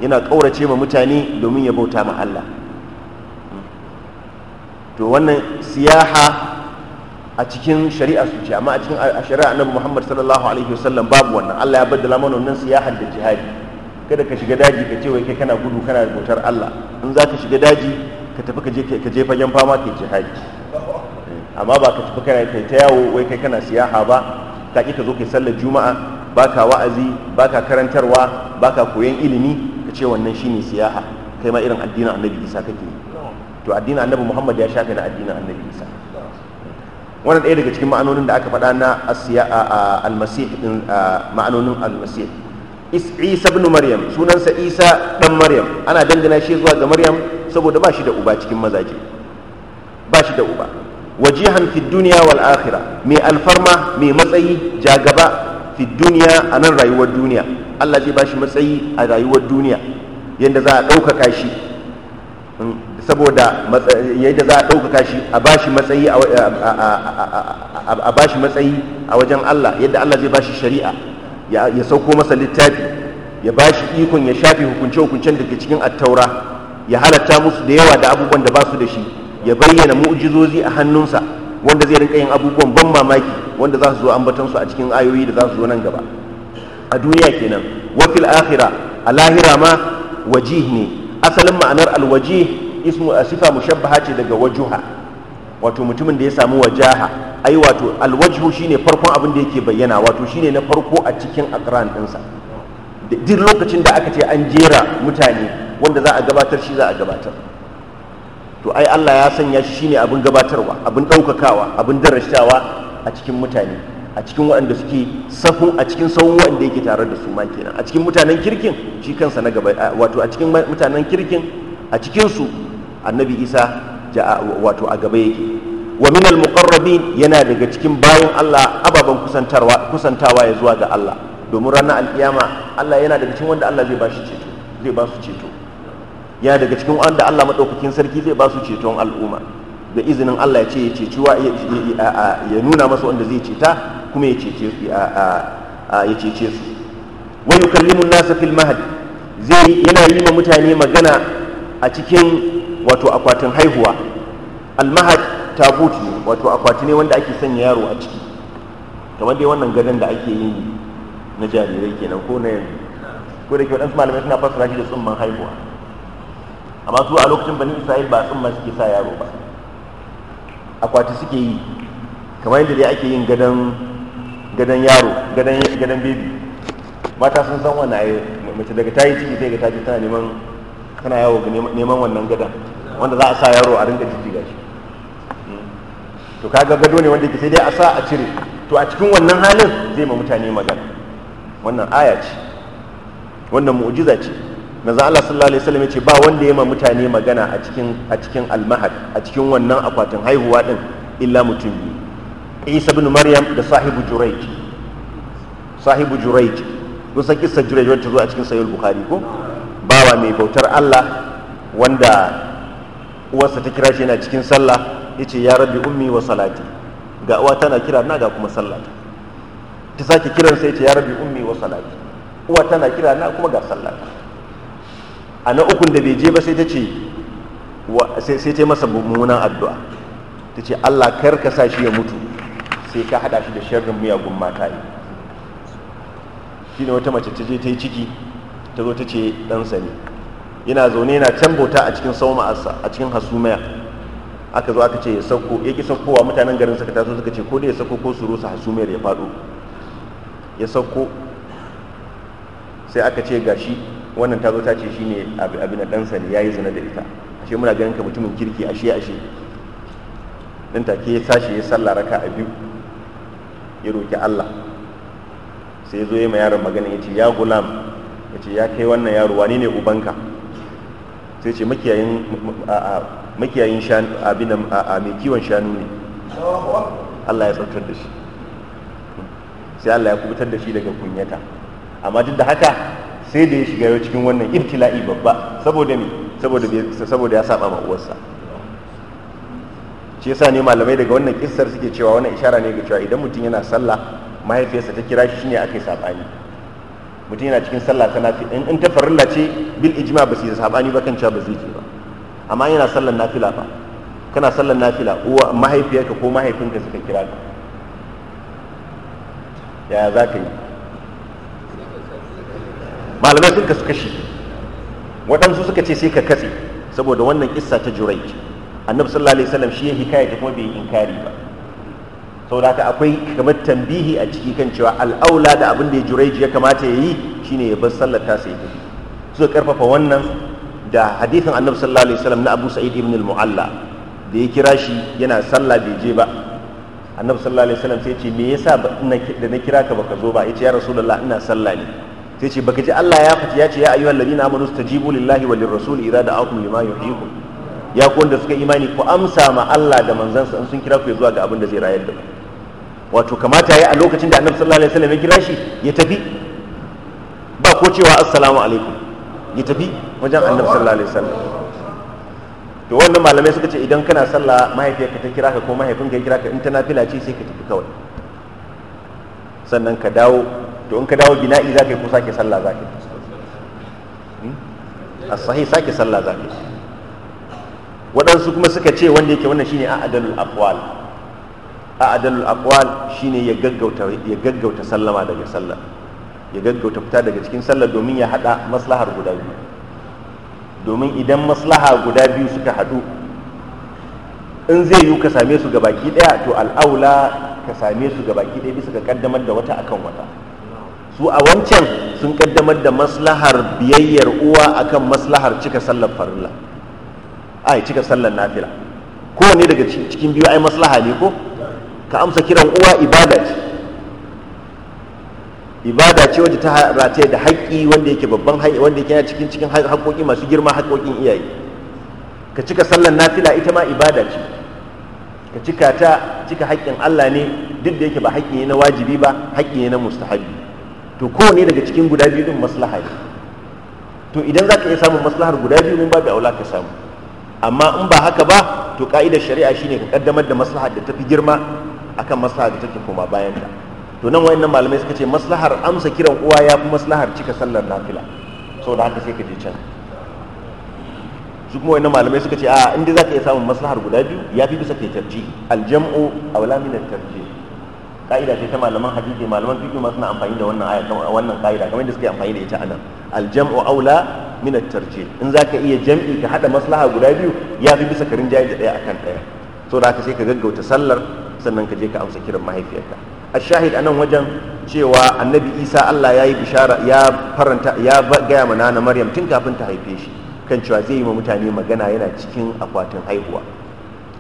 yana ƙaurace ma mutane domin ya bauta ma Allah to wannan siyaha a cikin shari'a su ce amma a cikin shari'a annabi Muhammad sallallahu alaihi wasallam babu wannan Allah ya baddala mana nan siyahan da jihadi kada ka shiga daji ka ce wai kai kana gudu kana rubutar Allah in za ka shiga daji ka tafi ka je ka je fagen fama kai jihadi eh, amma ba ka tafi kana kai ta yawo wai kai kana siyaha ba ka ki ka zo kai sallar juma'a baka wa'azi baka karantarwa baka koyon ilimi ka ce wannan shine siyaha kai ma irin addinin annabi Isa kake to addinin annabi Muhammad ya shafe da addinin annabi Isa wannan ɗaya daga cikin ma'anonin da aka faɗa na asiya almasih din ma'anonin almasih isa ibn maryam sunansa isa dan maryam ana dangana shi zuwa ga maryam saboda ba shi da uba cikin mazaje ba shi da uba wajihan fi duniya wal akhirah mai alfarma mai matsayi jagaba fi duniya a nan rayuwar duniya Allah zai ba shi matsayi a rayuwar duniya yadda za a ɗaukaka shi saboda yadda za a ɗaukaka shi a bashi matsayi a bashi matsayi a wajen Allah yadda Allah zai ba bashi shari'a ya sauko masa littafi ya bashi ikon ya shafe hukunce hukuncen daga cikin attaura ya halatta musu da yawa da abubuwan da ba su da shi ya bayyana mu'jizozi a hannunsa wanda zai rinka yin abubuwan ban mamaki wanda za su zo ambaton su a cikin ayoyi da za su zo nan gaba a duniya kenan wa fil akhirah a lahira ma wajih ne asalin ma'anar alwajih ismu sifa mushabbaha ce daga wajuha wato mutumin da ya samu wajaha ai wato alwajhu shine farkon abin da yake bayyana wato shine na farko a cikin aqran dinsa duk lokacin da aka ce an jera mutane wanda za a gabatar shi za a gabatar to ai Allah ya sanya shi shine abin gabatarwa abin daukakawa abin darashtawa a cikin mutane a cikin waɗanda suke safin a cikin sauran waɗanda yake tare da su ma kenan a cikin mutanen kirkin shi kansa na gaba wato a cikin mutanen kirkin a cikin su annabi isa wato a gaba yake wa min al-muqarrabin yana daga cikin bayan Allah ababen kusantarwa kusantawa ya zuwa ga Allah domin ranar alkiyama Allah yana daga cikin wanda Allah zai bashi ceto zai ba su ceto yana daga cikin wanda Allah madaukakin sarki zai ba su ceton al'umma da izinin Allah ya ce ya cecewa ya nuna masa wanda zai ceta kuma ya cece su ya cece su wa yukallimu an-nasa fil mahdi zai yana yi ma mutane magana a cikin wato akwatin haihuwa almahad tabut ne wato akwati ne wanda ake sanya yaro a ciki kamar dai wannan gadon da ake yi na jarirai kenan ko na yanzu ko da ke waɗansu malamai suna fassara shi da tsumman haihuwa amma su a lokacin bani isra'il ba tsumma suke sa yaro ba akwati suke yi kamar yadda dai ake yin gadon gadon yaro gadon gadon bebi mata sun san wannan ayi mace daga ta yi ciki sai ga ta ji tana neman tana yawo neman wannan gadon wanda za a sa yaro a rinka jijjiga shi to kaga gado ne wanda ke sai dai a sa a cire to a cikin wannan halin zai ma mutane magana wannan aya ce wannan mu'jiza ce manzo Allah sallallahu alaihi wasallam ce ba wanda ya ma mutane magana a cikin a cikin almahad a cikin wannan akwatin haihuwa din illa mutum biyu Isa ibn Maryam da sahibu Jurayj sahibu Jurayj kun san kissa Jurayj wacce zo a cikin sahih Bukhari ko bawa mai bautar Allah wanda uwarsa ta kira shi yana cikin sallah ya ce ya rabbi ummi wa salati ga uwa tana kira na ga kuma sallata ta sake kiran sai ce ya rabbi ummi wa salati uwa tana kira na kuma ga sallata a na ukun da bai je ba sai ta ce sai ta masa mummunan addu'a ta ce Allah kar ka sa shi ya mutu sai ka hada shi da sharrin miyagun mata ne wata mace ta je ta yi ciki ta zo ta ce ɗansa ne yana zaune yana can bauta a cikin sauma a cikin hasumaya aka zo aka ce ya sauko ya ki saukowa mutanen garin suka taso suka ce ko da ya sauko ko su rusa hasumiyar ya faɗo ya sauko sai aka ce gashi wannan ta zo ta ce shine abin ɗansa ne ya yi zina da ita ashe muna ganin ka mutumin kirki ashe ashe ɗin take ya tashi ya sallah raka a biyu ya roki Allah sai ya zo ya ma yaron magana ya ce ya gulam ya ce ya kai wannan yaro wani ne ubanka sai ce makiyayin makiyayin abin a mai kiwon shanu ne Allah ya tsartar da shi sai Allah ya kubutar da shi daga kunyata amma duk da haka sai da ya shiga yau cikin wannan ibtila'i babba saboda me saboda ya saba ma uwarsa shi yasa ne malamai daga wannan kissar suke cewa wannan ishara ne ga cewa idan mutum yana sallah mahaifiyarsa ta kira shi ne aka yi sabani mutum yana cikin sallah ta nafi in ta farilla ce bil ijma ba su yi sabani ba kan cewa ba zai je ba amma yana sallar nafila ba kana sallar nafila uwa mahaifiyarka ko mahaifinka suka kira ka yaya za ka yi malamai sun kasu kashi waɗansu suka ce sai ka katse saboda wannan kissa ta jurai annabi sallallahu alaihi wasallam shi ya hikaya ta kuma bai inkari ba saboda haka akwai kamar tambihi a ciki kan cewa al'aula da abin da ya jureji ya kamata ya yi shine ya bar sallar ta sai tafi suka karfafa wannan da hadithin annabi sallallahu alaihi wasallam na abu sa'id ibn al-mu'alla da ya kira shi yana sallah bai je ba annabi sallallahu alaihi wasallam sai ya ce me yasa da na kira ka baka zo ba yace ya rasulullah ina sallah ne sai ce baka ji Allah ya fita ya ce ya ayyuhal ladina amanu stajibu lillahi wal rasul idza da'akum lima yuhyikum ya ku wanda suka imani ku amsa ma Allah da manzansa in sun kira ku zuwa ga abin da zai rayar da ku wato kamata ya yi a lokacin da annabi sallallahu alaihi wasallam ya kira shi ya tafi ba ko cewa assalamu alaikum ya tafi wajen annabi sallallahu alaihi wasallam to wannan malamai suka ce idan kana sallah mahaifiyarka ta kira ka ko ka ya kira ka in ta nafila ce sai ka tafi kawai sannan ka dawo to in ka dawo bina'i za ka yi ko sake sallah za ka yi hmm? a sahi sake sallah za ka yi waɗansu kuma suka ce wanda yake wannan shine a adalul aqwal adalul aqwal shine ya gaggauta ya gaggauta sallama daga sallah ya gaggauta fita daga cikin sallah domin ya hada maslahar guda biyu domin idan maslaha guda biyu suka hadu in zai yiwu ka same su gabaki daya to al'aula ka same su gabaki daya bisa ka kaddamar da wata akan wata su a wancan sun kaddamar da maslahar biyayyar uwa akan maslahar cika sallar farilla ai cika sallar nafila kowane daga cikin biyu ai maslaha ne ko ka amsa kiran uwa ibada ce ibada ce wadda ta rataye da haƙƙi wanda yake babban haƙƙi wanda yake cikin cikin haƙƙoƙi masu girma haƙƙoƙin iyaye ka cika sallan nafila ita ma ibada ce ka cika ta cika haƙƙin Allah ne duk da yake ba haƙƙi ne na wajibi ba haƙƙi ne na mustahabi to kowane daga cikin guda biyu din maslaha ne to idan za ka iya samun maslahar guda biyu mun babu aula ka samu amma in ba haka ba to ka'idar shari'a shine ka kaddamar da maslahar da tafi girma akan maslaha da take koma bayan ta to nan wayannan malamai suka ce maslahar amsa kiran uwa ya fi maslahar cika sallar nafila da haka sai ka je can su kuma wayannan malamai suka ce a inda za zaka iya samun maslahar guda biyu ya fi bisa kai tarji aljam'u a wala at tarji ka'ida ce ta malaman hadisi malaman fiqh ma suna amfani da wannan aya wannan ka'ida kamar yadda suke amfani da ita anan aljam'u awla min tarji in za ka iya jam'i ka hada maslaha guda biyu ya fi bisa karin jayi da daya akan daya saboda haka sai ka gaggauta sallar sannan ka je ka amsa kiran mahaifiyarka a shahid a nan wajen cewa annabi isa allah ya yi bishara ya faranta ya gaya ma nana maryam tun kafin ta haife shi kan cewa zai yi ma mutane magana yana cikin akwatin haihuwa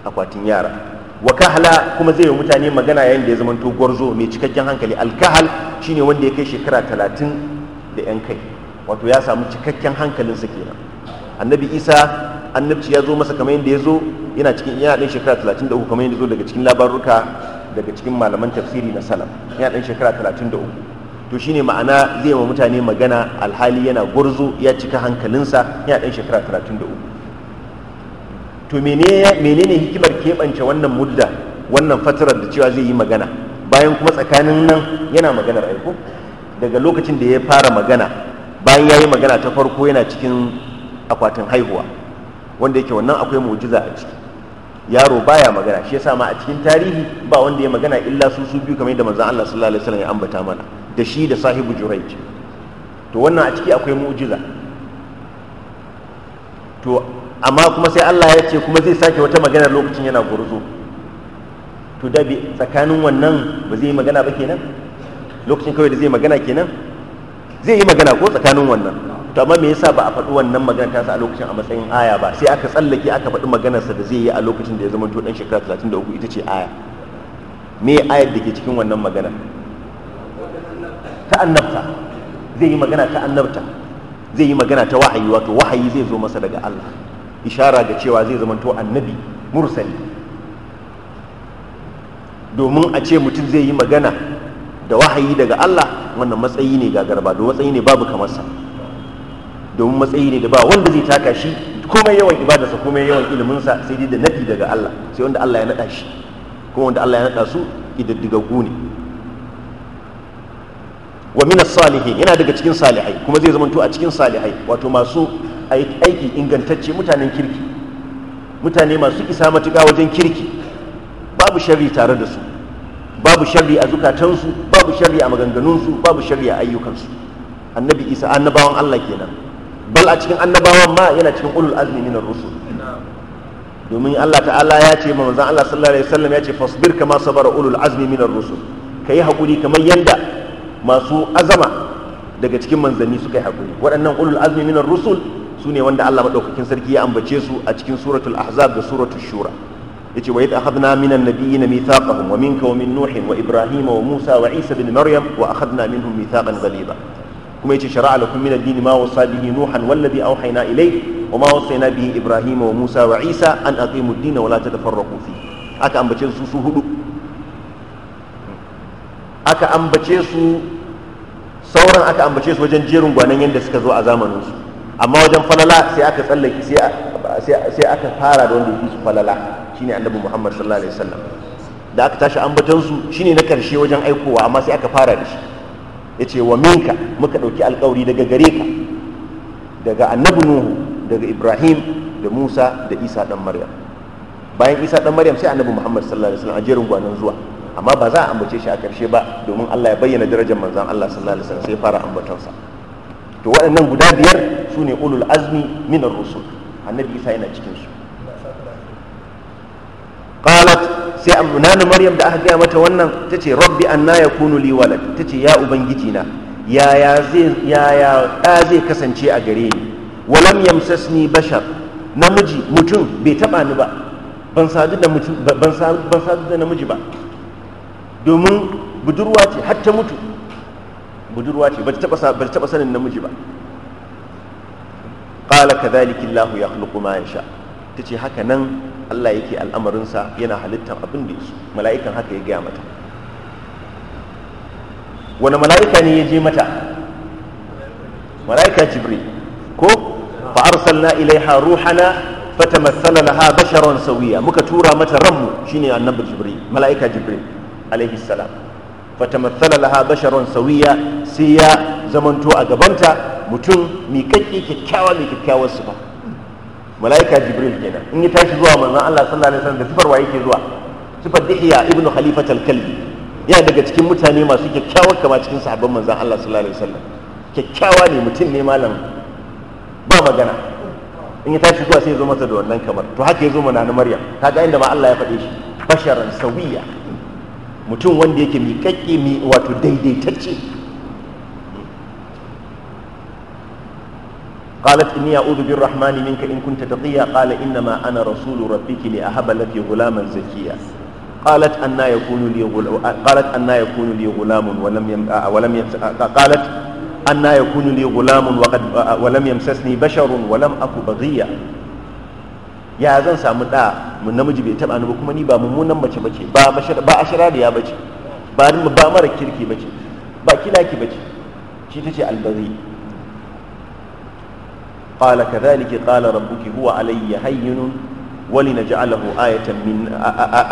akwatin yara wa kahala kuma zai yi mutane magana yayin da ya zama to gwarzo mai cikakken hankali alkahal shine wanda ya kai shekara talatin da yan kai wato ya samu cikakken hankalinsa kenan annabi isa annabci ya zo masa kamar yadda ya zo yana cikin yana ɗan shekara uku kamar yadda zo daga cikin labaruka daga cikin malaman tafsiri na salaf yana ɗan shekara talatin da uku to shine ma'ana zai ma mutane magana alhali yana gwarzo ya cika hankalinsa yana ɗan shekara talatin da uku to menene hikimar keɓance wannan mudda wannan fatarar da cewa zai yi magana bayan kuma tsakanin nan yana maganar aiko daga lokacin da ya fara magana bayan ya yi magana ta farko yana cikin akwatin haihuwa wanda yake wannan akwai mu'jiza a ciki yaro baya magana shi yasa ma a cikin tarihi ba wanda ya magana illa su su biyu kamar yadda manzon Allah sallallahu alaihi wasallam ya ambata mana da shi da sahibu juraij to wannan a ciki akwai mu'jiza to amma kuma sai Allah ya ce kuma zai sake wata magana lokacin yana gurzo to da tsakanin wannan ba zai yi magana ba kenan lokacin kawai da zai magana kenan zai yi magana ko tsakanin wannan to amma me yasa ba a faɗi wannan magana ta sa a lokacin a matsayin aya ba sai aka tsallake aka faɗi sa da zai yi a lokacin da ya zama to dan shekara 33 ita ce aya me ayar da ke cikin wannan magana ta annabta zai yi magana ta annabta zai yi magana ta wahayi wato wahayi zai zo masa daga Allah ishara ga cewa zai zama to annabi mursali domin a ce mutum zai yi magana da wahayi daga Allah wannan matsayi ne ga garba da matsayi ne babu kamar sa domin matsayi ne da ba wanda zai taka shi komai yawan ibadarsa komai yawan iliminsa sai dai da nadi daga Allah sai wanda Allah ya naɗa shi kuma wanda Allah ya naɗa su idaddigaggu ne wa min salihin yana daga cikin salihai kuma zai zamanto a cikin salihai wato masu aiki ingantacce mutanen kirki mutane masu isa matuƙa wajen kirki babu sharri tare da su babu sharri a zukatansu babu sharri a maganganunsu babu sharri a ayyukansu annabi isa annabawan Allah kenan bal a cikin annabawan ma yana cikin ulul azmi minar rusul domin Allah ta'ala ya ce ma manzon Allah sallallahu alaihi wasallam ya ce fasbir kama sabara ulul azmi minar rusul kai hakuri kamar yanda masu azama daga cikin manzanni suka yi hakuri waɗannan ulul azmi minar rusul su ne wanda Allah madaukakin sarki ya ambace su a cikin suratul ahzab da suratul shura yace wa idh akhadna minan na mithaqahum wa minka wa min nuhin wa ibrahima wa musa wa isa ibn maryam wa akhadna minhum mithaqan ghaliba kuma yace shara'a lakum min ad-din ma wasa bihi nuhan wallazi awhayna ilayk wa ma wasayna bihi ibrahima wa musa wa isa an aqimu ad-din wa la tatafarraqu fi aka ambace su su hudu aka ambace su sauran aka ambace su wajen jerin gwanan yadda suka zo a zamanin su amma wajen falala sai aka tsallake sai aka fara da wanda yake su falala shine annabi muhammad sallallahu alaihi wasallam da aka tashi ambaton su shine na karshe wajen aikowa amma sai aka fara da shi yace wa minka muka ɗauki alkawari daga gare ka daga annabi nuhu daga ibrahim da musa da isa dan maryam bayan isa dan maryam sai annabi muhammad sallallahu alaihi wasallam a jerin gwanan zuwa amma ba za a ambace shi a karshe ba domin allah ya bayyana darajar manzon allah sallallahu alaihi wasallam sai fara ambatonsa to waɗannan guda biyar su ne ulul azmi minar rusul annabi isa yana cikinsu sai na maryam da aka gaya mata wannan ta ce rabbi anna yakunu li walad ta ce ya ubangiji na yaya zai yaya ɗa zai kasance a gare ni walam yamsasni bashar namiji mutum bai taba ni ba ban sadu da mutum ban sadu da namiji ba domin budurwa ce har ta mutu budurwa ce ba ta taba sanin namiji ba qala kadhalika allah yakhluqu ma yasha tace haka nan Allah yake al'amarinsa yana halittar abin da yake mala'ikan haka ya gaya mata wani mala'ika ne ya je mata mala'ika jibril ko fa arsalna ilaiha ruhana fatamassala laha basharan sawiya muka tura mata ranmu shine annabi jibril mala'ika jibril alaihi salam fatamassala laha basharan sawiya sai ya zamanto a gabanta mutum miƙaƙƙi kyakkyawa mai kyakkyawar sifa malaika jibril kenan in ya tashi zuwa manzon Allah sallallahu alaihi wasallam da sifar wa ke zuwa sifar dihiya ibnu khalifat al-kalbi yana daga cikin mutane masu kyakkyawar kama cikin sahabban manzon Allah sallallahu alaihi wasallam kyakkyawa ne mutum ne malam ba magana in ya tashi zuwa sai ya zo mata da wannan kamar to haka ya zo mana na maryam kaga inda ma Allah ya faɗe shi basharan sawiya mutum wanda yake miƙaƙƙe mi wato daidaitacce قالت إني أعوذ بالرحمن منك إن كنت تقيا قال إنما أنا رسول ربك لأهب لك غلاما زكيا قالت أنا يكون لي غلام قالت أنا يكون لي غلام ولم يم ولم يمس قالت أنا يكون لي غلام وقد ولم يمسسني بشر ولم أك بغيا يا زن سامد من نمجي بيتم أنا بكم أني بامون نم بچه بچه با بشر با أشرار يا بچه با با مركير كي بچه با كلا كي بچه شيء تجي البغي qala kadhalika qala rabbuki huwa alayya hayyinun ولنجعله آية من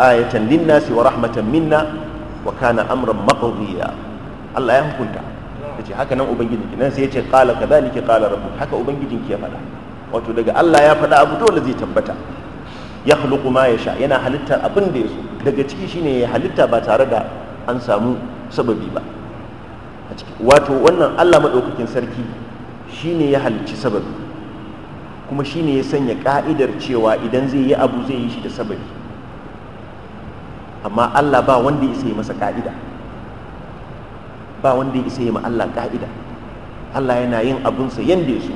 آية للناس ورحمة منا وكان أمرا مقضيا الله ya hukunta yace haka nan ubangijinki nan sai yace qala kadhalika qala rabbuk haka ubangijinki ya faɗa wato daga Allah ya faɗa abu dole zai tabbata ya khluqu ma yasha yana halittar abin da yaso daga ciki shine ya halitta ba tare da an samu sababi ba wato wannan Allah madaukakin sarki shine ya halicci sababi kuma shi ne ya sanya ka'idar cewa idan zai yi abu zai yi shi da sababi amma Allah ba wanda ya isa yi masa ka'ida ba wanda ya isa yi ma Allah ka'ida Allah yana yin abinsa yadda ya so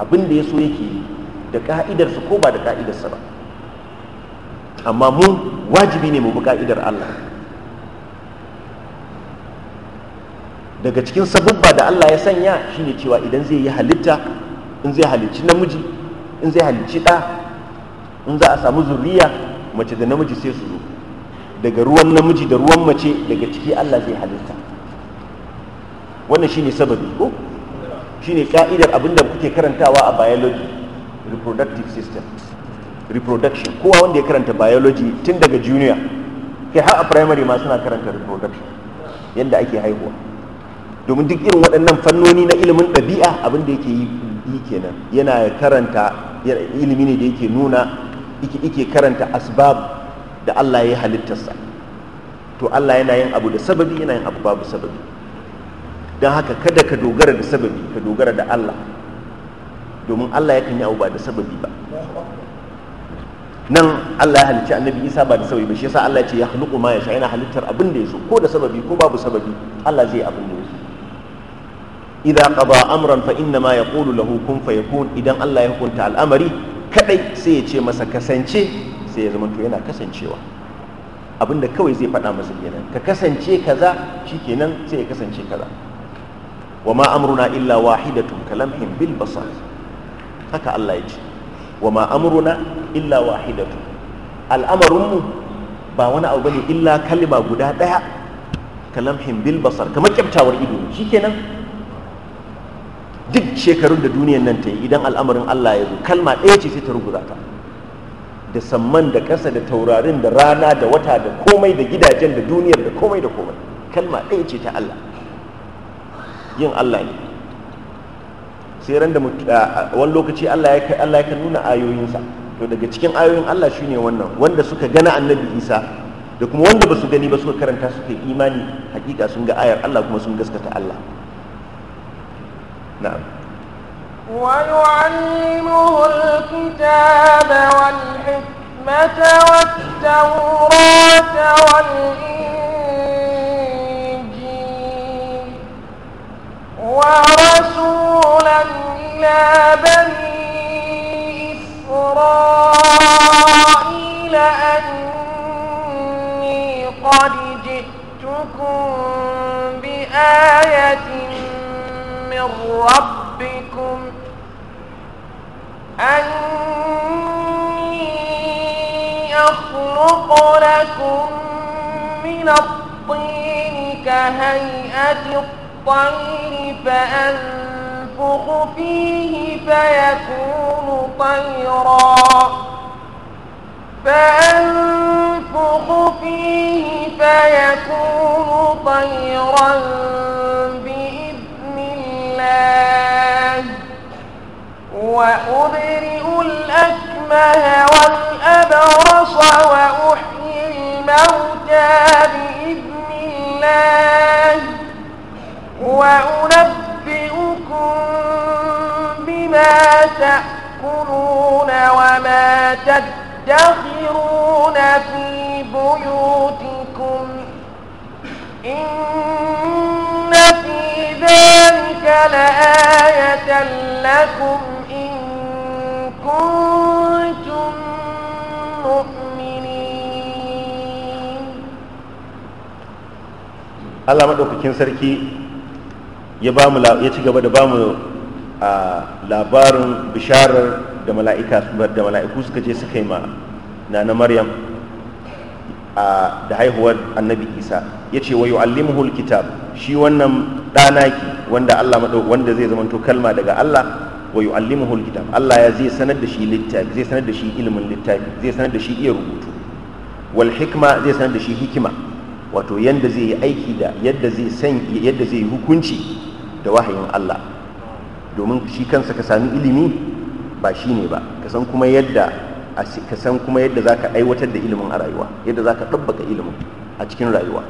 abin da ya so yake yi da ka'idarsa ko ba da ka'idarsa ba amma mu wajibi ne mu bi ka'idar Allah daga cikin sabubba da Allah ya sanya shine cewa idan zai yi halitta in zai halicci namiji in zai halicci ɗa in za a samu zuriya mace da namiji sai su zo daga ruwan namiji da ruwan mace daga ciki Allah zai halitta wannan shine sababi ko shine ka'idar abinda kuke karantawa a biology reproductive system reproduction kowa wanda ya karanta biology tun daga junior kai har a primary ma suna karanta reproduction yadda ake haihuwa domin duk irin waɗannan fannoni na ilimin ɗabi'a abinda yake yi kenan yana karanta ilimi ne da yake nuna ike karanta asbab da Allah ya yi halittarsa to Allah yana yin abu da sababi yana yin abu babu sababi don haka kada ka dogara da sababi ka dogara da Allah domin Allah ya kan yi abu ba da sababi ba nan Allah ya halicci annabi Isa ba da sababi ba shi yasa Allah ya ce ya ma yana halittar abin da ya so ko da sababi ko babu sababi Allah zai abin da idza qada amran fa inna ma yaqulu lahu kun fayakun idan Allah ya hukunta al'amari kadai sai ya ce masa kasance sai ya zama to yana kasancewa abinda kawai zai faɗa masa kenan ka kasance kaza shikenan sai ya kasance kaza wa ma amruna illa wahidatun kalamhin bil basar haka Allah ya ce wa ma amruna illa wahidatun al'amarinmu ba wani abu bane illa kalma guda daya kalamhin bil basar kamar kyaftawar ido shikenan duk shekarun da duniyan nan ta yi idan al'amarin Allah ya zo kalma ɗaya ce sai ta rubuta ta da samman da ƙasa da taurarin da rana da wata da komai da gidajen da duniyar da komai da komai kalma ɗaya ce ta Allah yin Allah ne sai ran da wani lokaci Allah ya Allah nuna ayoyinsa to daga cikin ayoyin Allah shine wannan wanda suka gana annabi Isa da kuma wanda ba su gani ba suka karanta suka imani hakika sun ga ayar Allah kuma sun gaskata Allah نعم ويعلمه الكتاب والحكمة والتوراة والإنجيل ورسولا إلى بني إسرائيل أني قد جئتكم بآية من ربكم أني أخلق لكم من الطين كهيئة الطير فأنفخ فيه فيكون طيرا فأنفخ فيه فيكون طيرا وأبرئ الأكمه والأبرص وأحيي الموتى بإذن الله وأنبئكم بما تأكلون وما تدخرون في بيوتكم لآية لكم إن كنتم مؤمنين الله ya ya ci gaba da bamu mu labarin bisharar da mala'ika da mala'iku suka je suka yi ma na na maryam da haihuwar annabi isa ya ce wa yu'allimuhu alkitab shi wannan ɗanaki wanda Allah wanda zai zamanto kalma daga Allah wa yu'allimuhu alkitab Allah ya zai sanar da shi littafi zai sanar da shi ilimin littafi zai sanar da shi iya rubutu wal hikma zai sanar da shi hikima wato yanda zai yi aiki da yadda zai san yadda zai yi hukunci da wahayin Allah domin shi kansa ka sami ilimi ba shi ne ba ka san kuma yadda ka san kuma yadda za ka aiwatar da ilimin a rayuwa yadda za ka ɗabbaka ilimin a cikin rayuwa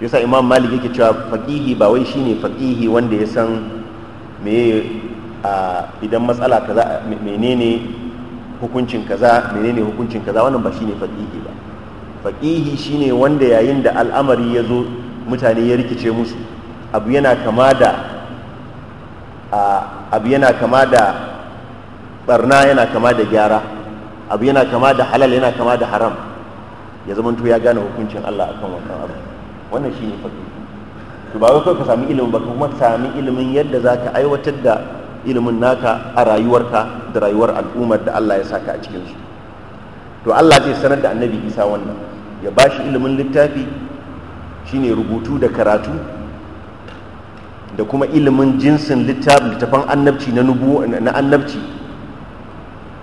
yasa imam malik yake cewa faƙihi ba wai shine faƙihi wanda ya san me a idan matsala kaza menene hukuncin kaza menene hukuncin kaza wannan ba shine faƙihi ba faƙihi shine wanda yayin da al'amari ya zo mutane ya rikice musu abu yana kama da abu yana kama da barna yana kama da gyara abu yana kama da halal yana kama da haram ya zama to ya gane hukuncin Allah akan wannan abu wannan shi ne faɗi to ba wai ka sami ilimin ba kuma sami ilimin yadda za ka aiwatar da ilimin naka a rayuwarka da rayuwar al'ummar da Allah ya saka a cikinsu to Allah zai sanar da annabi Isa wannan ya bashi ilimin littafi shine rubutu da karatu da kuma ilimin jinsin littafin annabci na annabci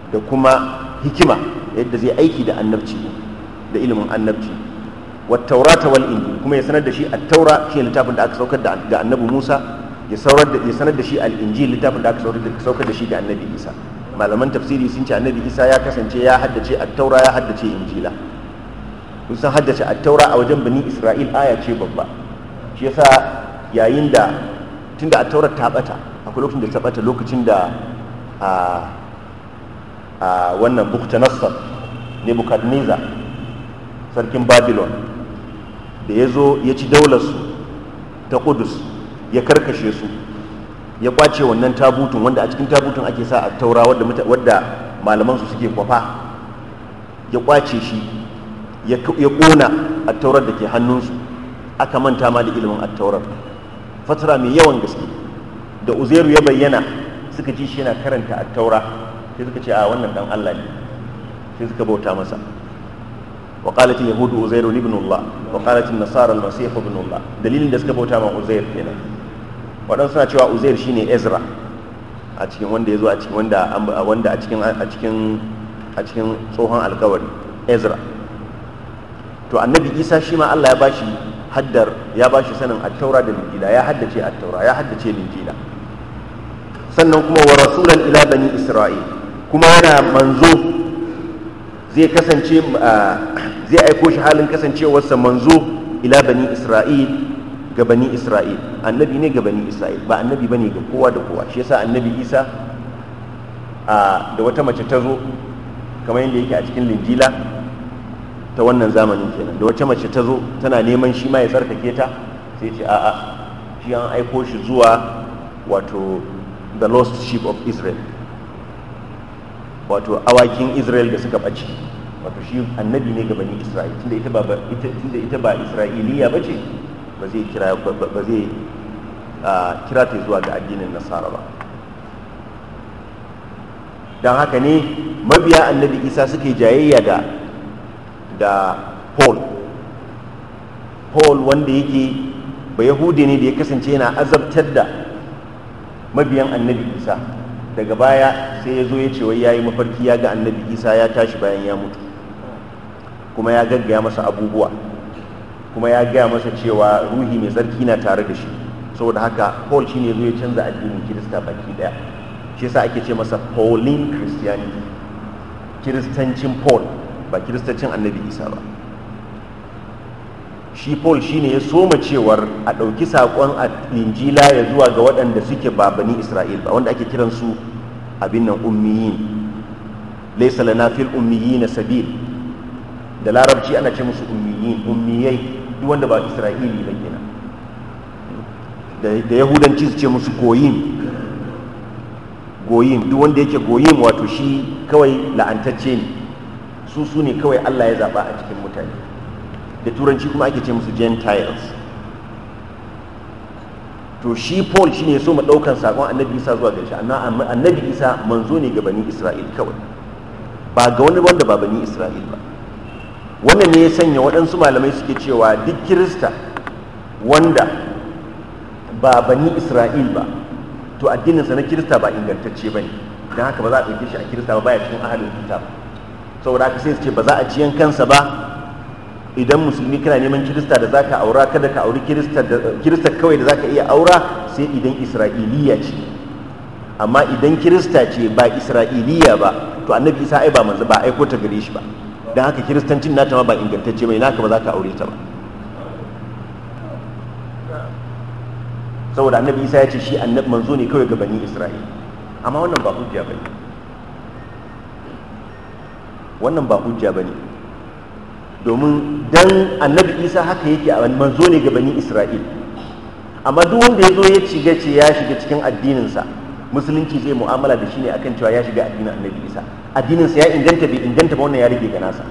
da kuma hikima yadda zai aiki da annabci da ilimin annabci wat taurata wal injil kuma ya sanar da shi at taura shi littafin da aka saukar da ga annabi Musa ya saurar da ya sanar da shi al injil littafin da aka saukar da shi ga annabi Isa malaman tafsiri sun ce annabi Isa ya kasance ya haddace at taura ya haddace injila kun san haddace at taura a wajen bani Isra'il aya ce babba shi yasa yayin da tunda at taura ta bata akwai lokacin da ta bata lokacin da a ah, a wannan ne nebukadnezar sarkin babylon da ya zo ya ci daularsu ta kudus ya karkashe su ya kwace wannan tabutun wanda a cikin tabutun ake sa a taura wadda malamansu suke kwafa ya kwace shi ya kona a taurar da ke hannunsu aka manta ma da ilimin a taurar fatara mai yawan gaske da uzairu ya bayyana suka ji shi yana karanta a taura sai suka ce a wannan dan Allah ne sai suka bauta masa wa qalat al-yahud uzair ibn Allah wa qalat an-nasara al-masih ibn Allah dalilin da suka bauta ma uzair kenan wadan suna cewa uzair shine Ezra a cikin wanda yazo a cikin wanda wanda a cikin a cikin a cikin tsohon alkawari Ezra to annabi Isa shi ma Allah ya bashi haddar ya bashi sanin at-taura da injila ya haddace at-taura ya haddace injila sannan kuma wa rasulan ila bani isra'il kuma yana manzo zai kasance zai aiko shi halin kasancewarsa manzo ila bani isra'il ga bani isra'il annabi ne ga bani isra'il ba annabi bane ga kowa da kowa shi yasa annabi isa da wata mace ta zo kamar yadda yake a cikin linjila ta wannan zamanin kenan da wata mace ta zo tana neman shi ma ya tsarkake ta sai ce a'a shi an aiko shi zuwa wato the lost sheep of israel wato awakin israel da suka ɓace wato shi annabi ne ga bani isra'il tunda ita ba ita ba isra'iliya ba ce ba zai kira ta zuwa ga addinin nasara ba don haka ne mabiya annabi isa suke jayayya da da paul paul wanda yake ba yahudi ne da ya kasance yana azabtar da mabiyan annabi isa daga baya sai ya zo ya ce wai ya yi mafarki ya ga annabi isa ya tashi bayan ya mutu kuma ya gaggaya masa abubuwa kuma ya gaya masa cewa ruhi mai tsarki na tare da shi saboda haka paul shine zo ya canza addinin kirista baki daya shi yasa ake ce masa pauline christianity kiristancin paul ba kiristancin annabi isa ba shi paul shine ya soma cewar a ɗauki saƙon a injila ya zuwa ga waɗanda suke babani isra'il ba wanda ake kiransu abin nan ummiyin laisa lana fil na sabil da larabci ana ce musu ummiyin ummiyai duk wanda ba isra'ili ba kenan da yahudanci su ce musu goyim goyim duk wanda yake goyim wato shi kawai la'antacce ne su su ne kawai allah ya zaɓa a cikin mutane da turanci kuma ake ce musu gentiles to shi paul shi ne so ma ɗaukan saƙon annabi isa zuwa gare shi annabi isa manzo ne ga bani isra'il kawai ba ga wani wanda ba bani isra'il ba wannan ne ya sanya waɗansu malamai suke cewa duk kirista wanda ba bani isra'il ba to addininsa na kirista ba ingantacce ba ne don haka ba za a ɗauke shi a kirista ba ya cikin ahalin kitab saboda haka sai su ce ba za a ciyan kansa ba idan musulmi kana neman kirista da zaka aura kada ka auri kirista kawai da zaka iya aura sai idan isra'iliya ce amma idan kirista ce ba isra'iliya ba to annabi isa ai ba manzo ba aiko ta gare shi ba dan haka kiristancin nata ma ba ingantacce mai naka ba za ka aure ta ba saboda annabi isa ya ce shi annabi manzo ne kawai ga bani isra'il amma wannan ba hujja bane wannan ba hujja bane domin dan annabi isa haka yake a manzo ne ga bani isra'il amma duk wanda ya zo ya shiga gace ya shiga cikin addininsa musulunci zai mu'amala da shi ne akan cewa ya shiga addinin annabi isa addininsa ya inganta bai inganta ba wannan ya rage ga nasa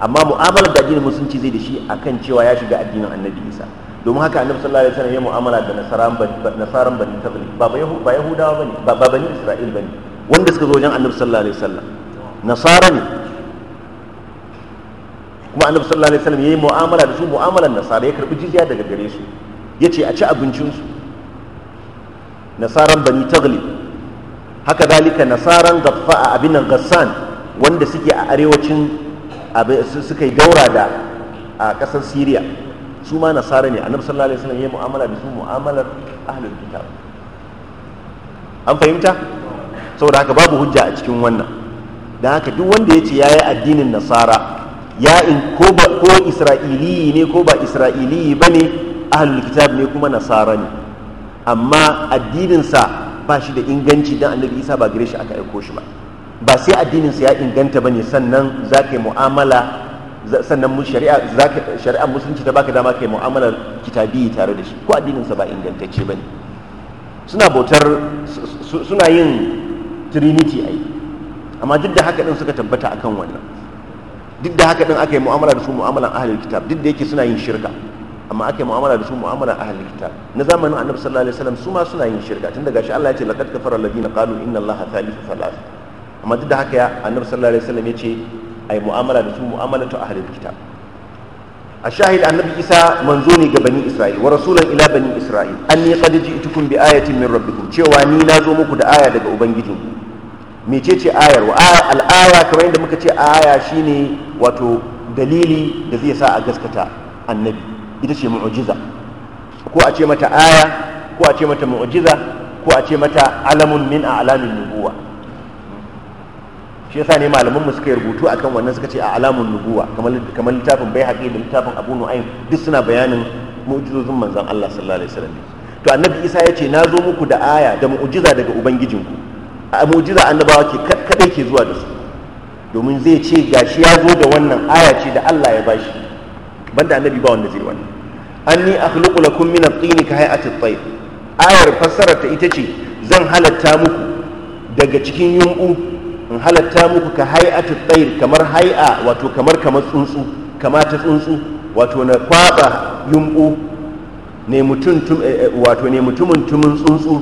amma mu'amalar da addinin musulunci zai da shi akan cewa ya shiga addinin annabi isa domin haka annabi sallallahu alaihi wasallam ya mu'amala da nasaran nasaran bani tabli ba ba yahudawa bane ba bani isra'il bane wanda suka zo wajen annabi sallallahu alaihi wasallam nasara ne kuma annabi sallallahu alaihi wasallam yayi mu'amala da su mu'amalan nasara ya karbi jizya daga gare su yace a ci abincin su nasaran bani taghlib haka dalika nasaran a abin nan gassan wanda suke a arewacin suka yi daura da a kasar syria su ma nasara ne annabi sallallahu alaihi wasallam yayi mu'amala da su mu'amalar ahlul kitab an fahimta saboda haka babu hujja a cikin wannan dan haka duk wanda yace yayi addinin nasara ya in ko Isra'ili ko ne ko ba Isra'ili ba ne ahalul kitab ne kuma nasara ne amma addininsa ba shi da inganci don annabi isa ba gare shi aka aiko shi ba ba sai addininsa ya inganta ba ne sannan ka yi mu'amala sannan shari'a musulunci ta baka dama ka yi mu'amalar kitabi tare da shi ko addinin sa ba ingantacce ba suna bautar suna yin trinity ai amma duk da haka din suka tabbata akan wannan duk da haka din aka yi mu'amala da su mu'amalan ahlul kitab duk da yake suna yin shirka amma aka yi mu'amala da su mu'amalan ahlul kitab na zamanin annabi sallallahu alaihi wasallam su ma suna yin shirka tunda gashi Allah ya ce laqad kafara alladhina qalu inna allaha thalithu thalath amma duk da haka ya annabi sallallahu alaihi wasallam ya ce ai mu'amala da su mu'amalatu ahlul kitab a shahid annabi isa manzo ne ga bani isra'il wa rasulan ila bani isra'il anni qad ji'tukum bi ayatin min rabbikum cewa ni na zo muku da aya daga ubangijinku mecece ayar wa al'aya kamar yadda muka ce aya shine wato dalili da zai sa a gaskata annabi ita ce mu'ujiza. ko a ce mata aya ko a ce mata mu'ujiza, ko a ce mata alamun min a a'lamin nubuwa shi yasa ne malaman mu suka rubutu akan wannan suka ce a alamun nubuwa kamar littafin littafin haƙi da littafin abu nu'ayin duk suna bayanin mu'jizozin manzon Allah sallallahu alaihi wasallam to annabi Isa ya ce na zo muku da aya da mu'ujiza daga ubangijinku a mujiza annabawa ke kadai ke zuwa da su domin zai ce gashi ya zo da wannan aya ce da Allah ya bashi banda annabi ba wanda zai an ni akhluqu lakum min at-tin ka hay'ati at-tayr ayar fassara ta ita ce zan halatta muku daga cikin yunbu in halatta muku ka hay'ati at-tayr kamar hay'a wato kamar kamar tsuntsu kamar ta tsuntsu wato na kwaba yunbu ne mutum eh, eh, wato ne mutumin tumun tsuntsu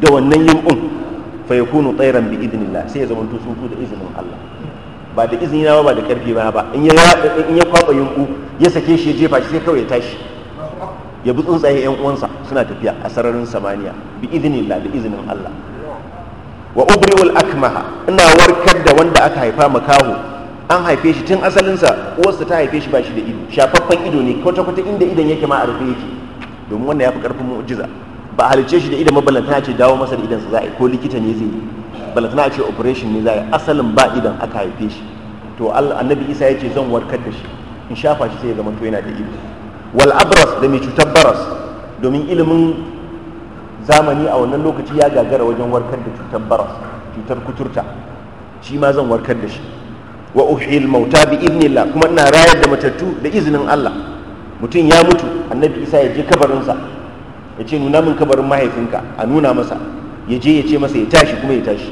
da wannan yumbun fa yakunu tsairan bi idnillah sai ya zama to da izinin Allah ba da izini na ba da karfi ba ba in ya ya yunku ya sake shi ya jefa shi sai kawai ya tashi ya bi tsuntsaye yan uwansa suna tafiya a sararin samaniya bi idnillah da izinin Allah wa ubri'ul akmaha ina warkar da wanda aka haifa makahu an haife shi tun asalinsa uwarsa ta haife shi ba shi da ido shafaffen ido ne kwata-kwata inda idan yake ma a rufe yake domin wannan ya fi karfin mu'jiza ba halicce shi da idan mabalantana ce dawo masa da idan sa za yi ko likita ne zai yi balantana ce operation ne za yi asalin ba idan aka haife shi to annabi isa ya ce zan warkar da shi in shafa shi sai ya zama to yana da ido wal abras da mai cutar baras domin ilimin zamani a wannan lokaci ya gagara wajen warkar da cutar baras cutar kuturta shi ma zan warkar da shi wa uhil mauta bi idnillah kuma ina rayar da matattu da izinin Allah mutum ya mutu annabi isa ya je kabarinsa ya ce nuna min kabarin mahaifinka a nuna masa ya je ya ce masa ya tashi kuma ya tashi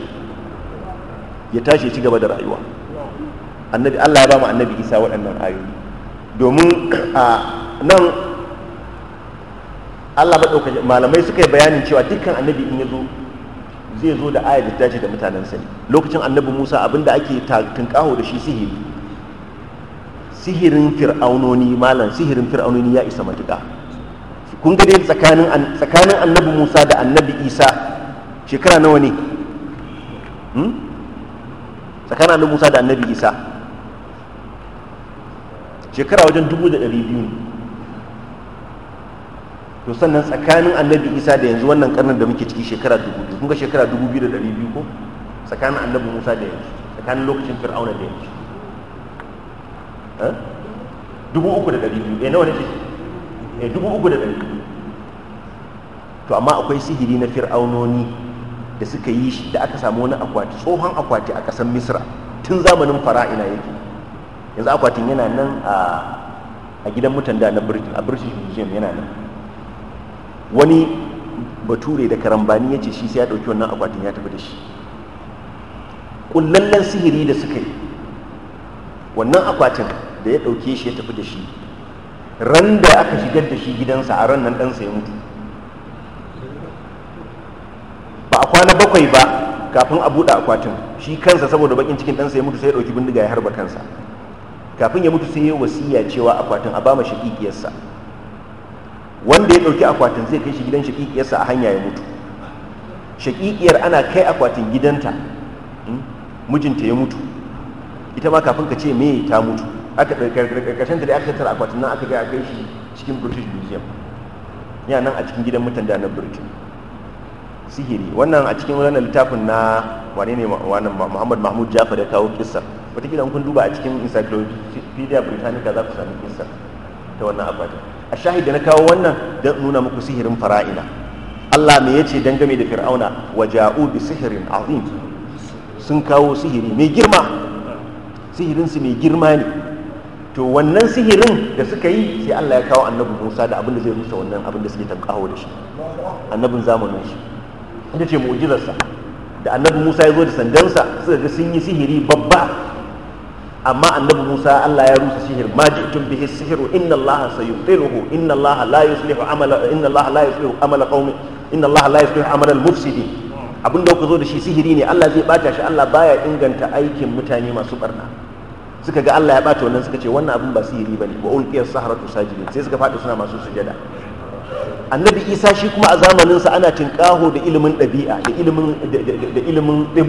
ya tashi ya ci gaba da rayuwa annabi Allah ya ba mu annabi Isa waɗannan ayoyi domin a nan Allah ba ɗauka malamai suka yi bayanin cewa dukkan annabi in ya zo zai zo da ayar da ta da mutanen sani lokacin annabi Musa abin da ake tunƙaho da shi sihiri sihirin fir'aunoni malam sihirin fir'aunoni ya isa matuƙa kun ga dai tsakanin tsakanin annabi Musa da annabi Isa shekara nawa ne hmm? tsakanin annabi Musa da annabi Isa shekara wajen dubu da ɗari biyu to sannan tsakanin annabi Isa da yanzu wannan karnar da muke ciki shekara dubu biyu kun ga shekara dubu biyu da ɗari biyu ko tsakanin annabi Musa da yanzu tsakanin lokacin Fir'auna da yanzu eh? dubu uku da ɗari biyu ɗaya eh, nawa ne ce eh dubu uku da ɗari to amma akwai sihiri na fir'aunoni da suka yi shi da aka samu wani akwati tsohon akwati a ƙasar misra tun zamanin fara'ina yake yanzu akwatin yana nan a gidan mutan da na birkin a british museum yana nan wani bature da karambani ya ce shi sai ya ɗauki wannan akwatin ya tafi da shi ƙullallen sihiri da suka yi wannan akwatin da ya ɗauke shi ya tafi da shi ran da aka shigar da shi gidansa a ran nan ɗansa ya mutu ba a kwana bakwai ba kafin a buɗe akwatin shi kansa saboda bakin cikin ɗansa ya mutu sai ya ɗauki bindiga ya harba kansa kafin ya mutu sai ya wasiya cewa akwatin a bama shaƙiƙiyarsa wanda ya ɗauki akwatin zai kai shi gidan shaƙiƙiyarsa a hanya ya mutu shaƙiƙiyar ana kai akwatin gidanta hmm, mijinta ya mutu ita ma kafin ka ce me ta mutu aka ƙarƙashin da aka tara akwatin nan aka ga kai shi cikin british museum ya nan a cikin gidan mutan da na british sihiri wannan a cikin wannan littafin na wani ne wannan muhammad mahmud jafar ya kawo kissa gidan kun duba a cikin encyclopedia britannica za ku sami kissa ta wannan akwatin a shahid da na kawo wannan don nuna muku sihirin fara'ina allah me yace dangane da fir'auna wa ja'u bi sihirin azim sun kawo sihiri mai girma sihirinsu mai girma ne to wannan sihirin da suka yi sai Allah ya kawo annabi Musa da abin da zai rusa wannan abin da suke tankaho da shi annabin zamanin shi inda ce mu'jizarsa da annabi Musa ya zo da sandansa suka ga sun yi sihiri babba amma annabi Musa Allah ya rusa sihir ma ji'tum bihi sihiru inna Allah sayubtiluhu inna Allah la yuslihu amala inna Allah la yuslihu amala qaumi inna Allah la yuslihu amala al mufsidi abin da kuka zo da shi sihiri ne Allah zai bata shi Allah baya inganta aikin mutane masu barna suka ga Allah ya bata wannan suka ce wannan abin ba sihiri bane sahara ulqiyas saharatu sajidin sai suka faɗi suna masu sujada annabi isa shi kuma a zamanin sa ana ƙaho da ilimin ɗabi'a, da ilimin da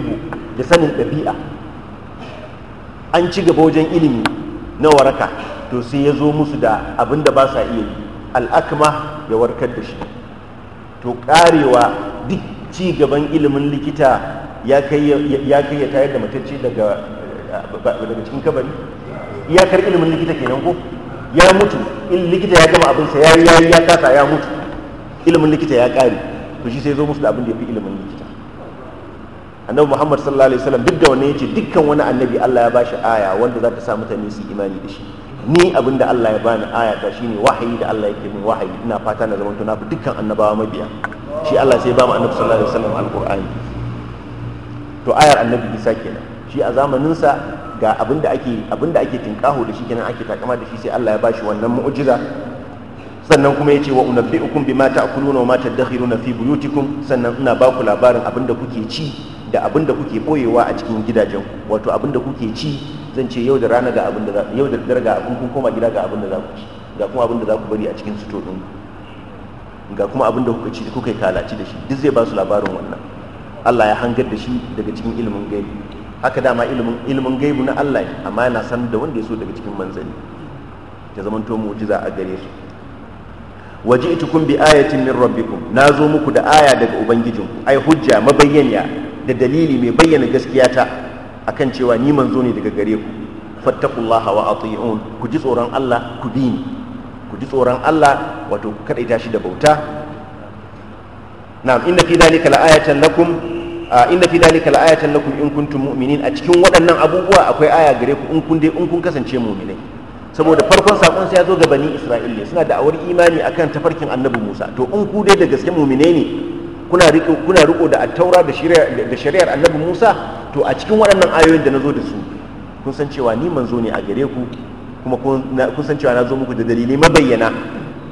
da sanin ɗabi'a. an ci gaba wajen ilimi na waraka to sai ya zo musu da abin da ba sa iya yi al'akma ya warkar da shi to ƙarewa duk ci gaban ilimin likita ya kai ya tayar da matacce daga daga cikin kabari ya kar ilimin likita kenan ko ya mutu in likita ya gama abinsa ya yi ya kasa ya mutu ilimin likita ya kare to shi sai zo musu da abin da ya fi ilimin likita annabi muhammad sallallahu alaihi wasallam duk da wannan yace dukkan wani annabi Allah ya bashi aya wanda za ta sa mutane su imani da shi ni abin da Allah ya bani aya ta shine wahayi da Allah yake min wahayi ina fata na zama na fi dukkan annabawa mabiya shi Allah sai ba mu annabi sallallahu alaihi wasallam alqur'ani to ayar annabi isa kenan shi a zamaninsa ga abin da ake abin da ake tinkaho da shi kenan ake takama da shi sai Allah ya bashi wannan mu'jiza sannan kuma yace wa unabbi'ukum bima ta'kuluna wa ma tadakhiruna fi buyutikum sannan ina ba ku labarin abin da kuke ci da abin da kuke boyewa a cikin gidajen wato abin da kuke ci zan ce yau da rana ga abin da yau da dare ga abin kun koma gida ga abin da za ku ci ga kuma abin da za ku bari a cikin sito din ga kuma abin da kuka ci kuka kalaci da shi duk zai ba su labarin wannan Allah ya hangar da shi daga cikin ilimin gari. haka dama ilimin gaibu na Allah amma yana san da wanda ya so daga cikin manzanni ta zama to mu'jiza a gare su waji'tukum bi ayatin min rabbikum nazo muku da aya daga Ubangijin, ai hujja mabayyana da dalili mai bayyana gaskiya ta akan cewa ni manzo ne daga gare ku fattaqullaha wa ati'un ku ji tsoron Allah ku bi ni ku ji tsoron Allah wato ku shi da bauta na'am inna fi dhalika la'ayatan lakum A ah, inna fi dalika la'ayatan lakum in kuntum mu'minin a cikin waɗannan abubuwa akwai aya gare ku in kun dai in kun kasance mu'minai saboda farkon sakon sai ya zo ga bani isra'ila suna da awar imani akan tafarkin annabi Musa to in ku dai da gaske mu'minai ne kuna riko kuna riko da attaura da shari'ar da shari'ar annabi Musa to a cikin waɗannan ayoyin da nazo da su kun san cewa ni manzo ne a gare ku kuma kun san cewa na zo muku da dalilai mabayyana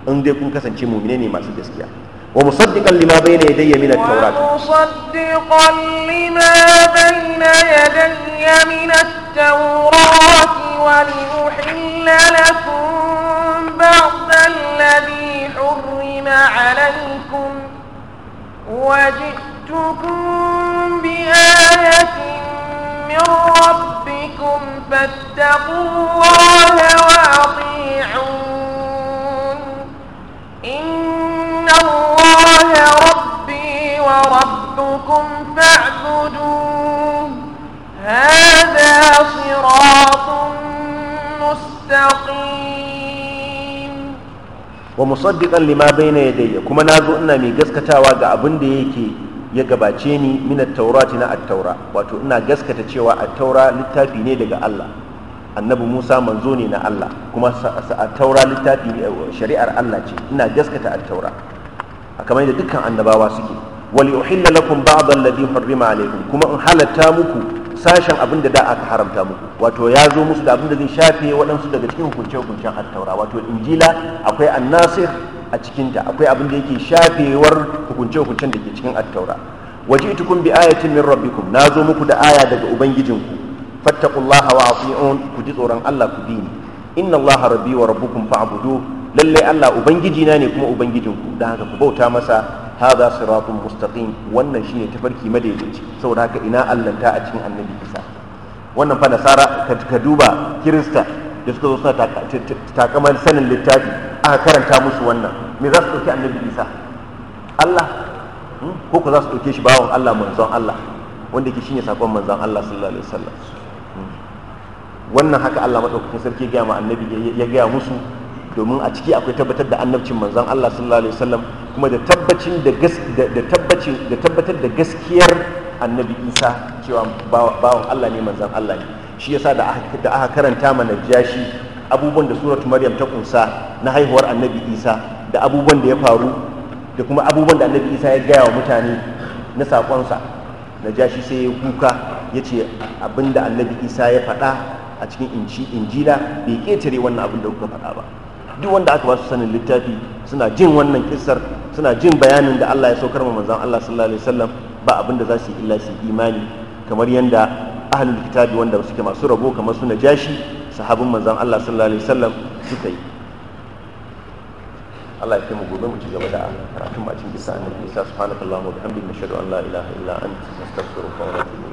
in dai kun kasance mu'minai ne masu gaskiya ومصدقا لما بين يدي من التوراة ومصدقا لما بين يدي من التوراة ولأحل لكم بعض الذي حرم عليكم وجئتكم بآية من ربكم فاتقوا الله وأطيعون إن الله الله ربي وربكم فاعبدوه هذا صراط مستقيم ومصدقا لما بين يدي كما نازو إنا مي ga abin da ديكي ya gabace ni min taurati na attaura wato ina gaskata cewa attaura littafi ne daga Allah annabi Musa manzo ne na Allah kuma taura littafi shari'ar Allah ce ina gaskata attaura kamar yadda dukkan annabawa suke wali uhilla lakum ba'd alladhi harrima alaykum kuma in halatta muku sashen abin da da aka haramta muku wato ya zo musu da abin da zai shafe waɗansu daga cikin hukunce hukuncen attaura wato injila akwai annasir a cikinta akwai abin da yake shafewar hukunce hukuncen da ke cikin attaura waje itukun bi ayatin min rabbikum na zo muku da aya daga ubangijinku fattaqullaha wa ati'un ku ji tsoron Allah ku bini. inna allaha rabbi wa rabbukum fa'buduhu lallai Allah ubangiji na ne kuma ubangijinku Da haka ku bauta masa hadha siratun mustaqim wannan shine tafarki madaidaici saboda haka ina allanta a cikin annabi isa wannan fa nasara ka duba kirista da suka zo suna takamar sanin littafi aka karanta musu wannan me za su ɗauki annabi isa Allah hmm? ko ku za su ɗauke shi bawon Allah manzon Allah wanda ke shine sakon manzon Allah sallallahu alaihi wasallam hmm. wannan haka Allah madaukakin sarki ya ga ma annabi ya ga musu domin a ciki akwai tabbatar da annabcin manzon Allah sallallahu alaihi wasallam kuma da tabbatar da gaskiyar annabi Isa cewa bawan Allah ne manzon Allah ne shi yasa da aka karanta mana jashi abubuwan da suratu maryam ta kunsa na haihuwar annabi isa da abubuwan da ya faru da kuma abubuwan da annabi isa ya gaya wa mutane na saƙonsa na jashi sai ya kuka ya ce abin da annabi isa ya faɗa a cikin injila bai ƙetare wannan abin da kuka faɗa ba duk wanda aka ba su sanin littafi suna jin wannan kissar suna jin bayanin da Allah ya saukar ma manzon Allah sallallahu alaihi wasallam ba abin da za su yi illa su imani kamar yanda ahlul kitabi wanda suke masu rabo kamar su najashi sahabin manzon Allah sallallahu alaihi wasallam suka yi Allah ya kai mu gobe mu ci gaba da karatun bacin bisa annabi Isa subhanallahi wa bihamdihi nashhadu an la ilaha illa anta nastaghfiruka wa natubu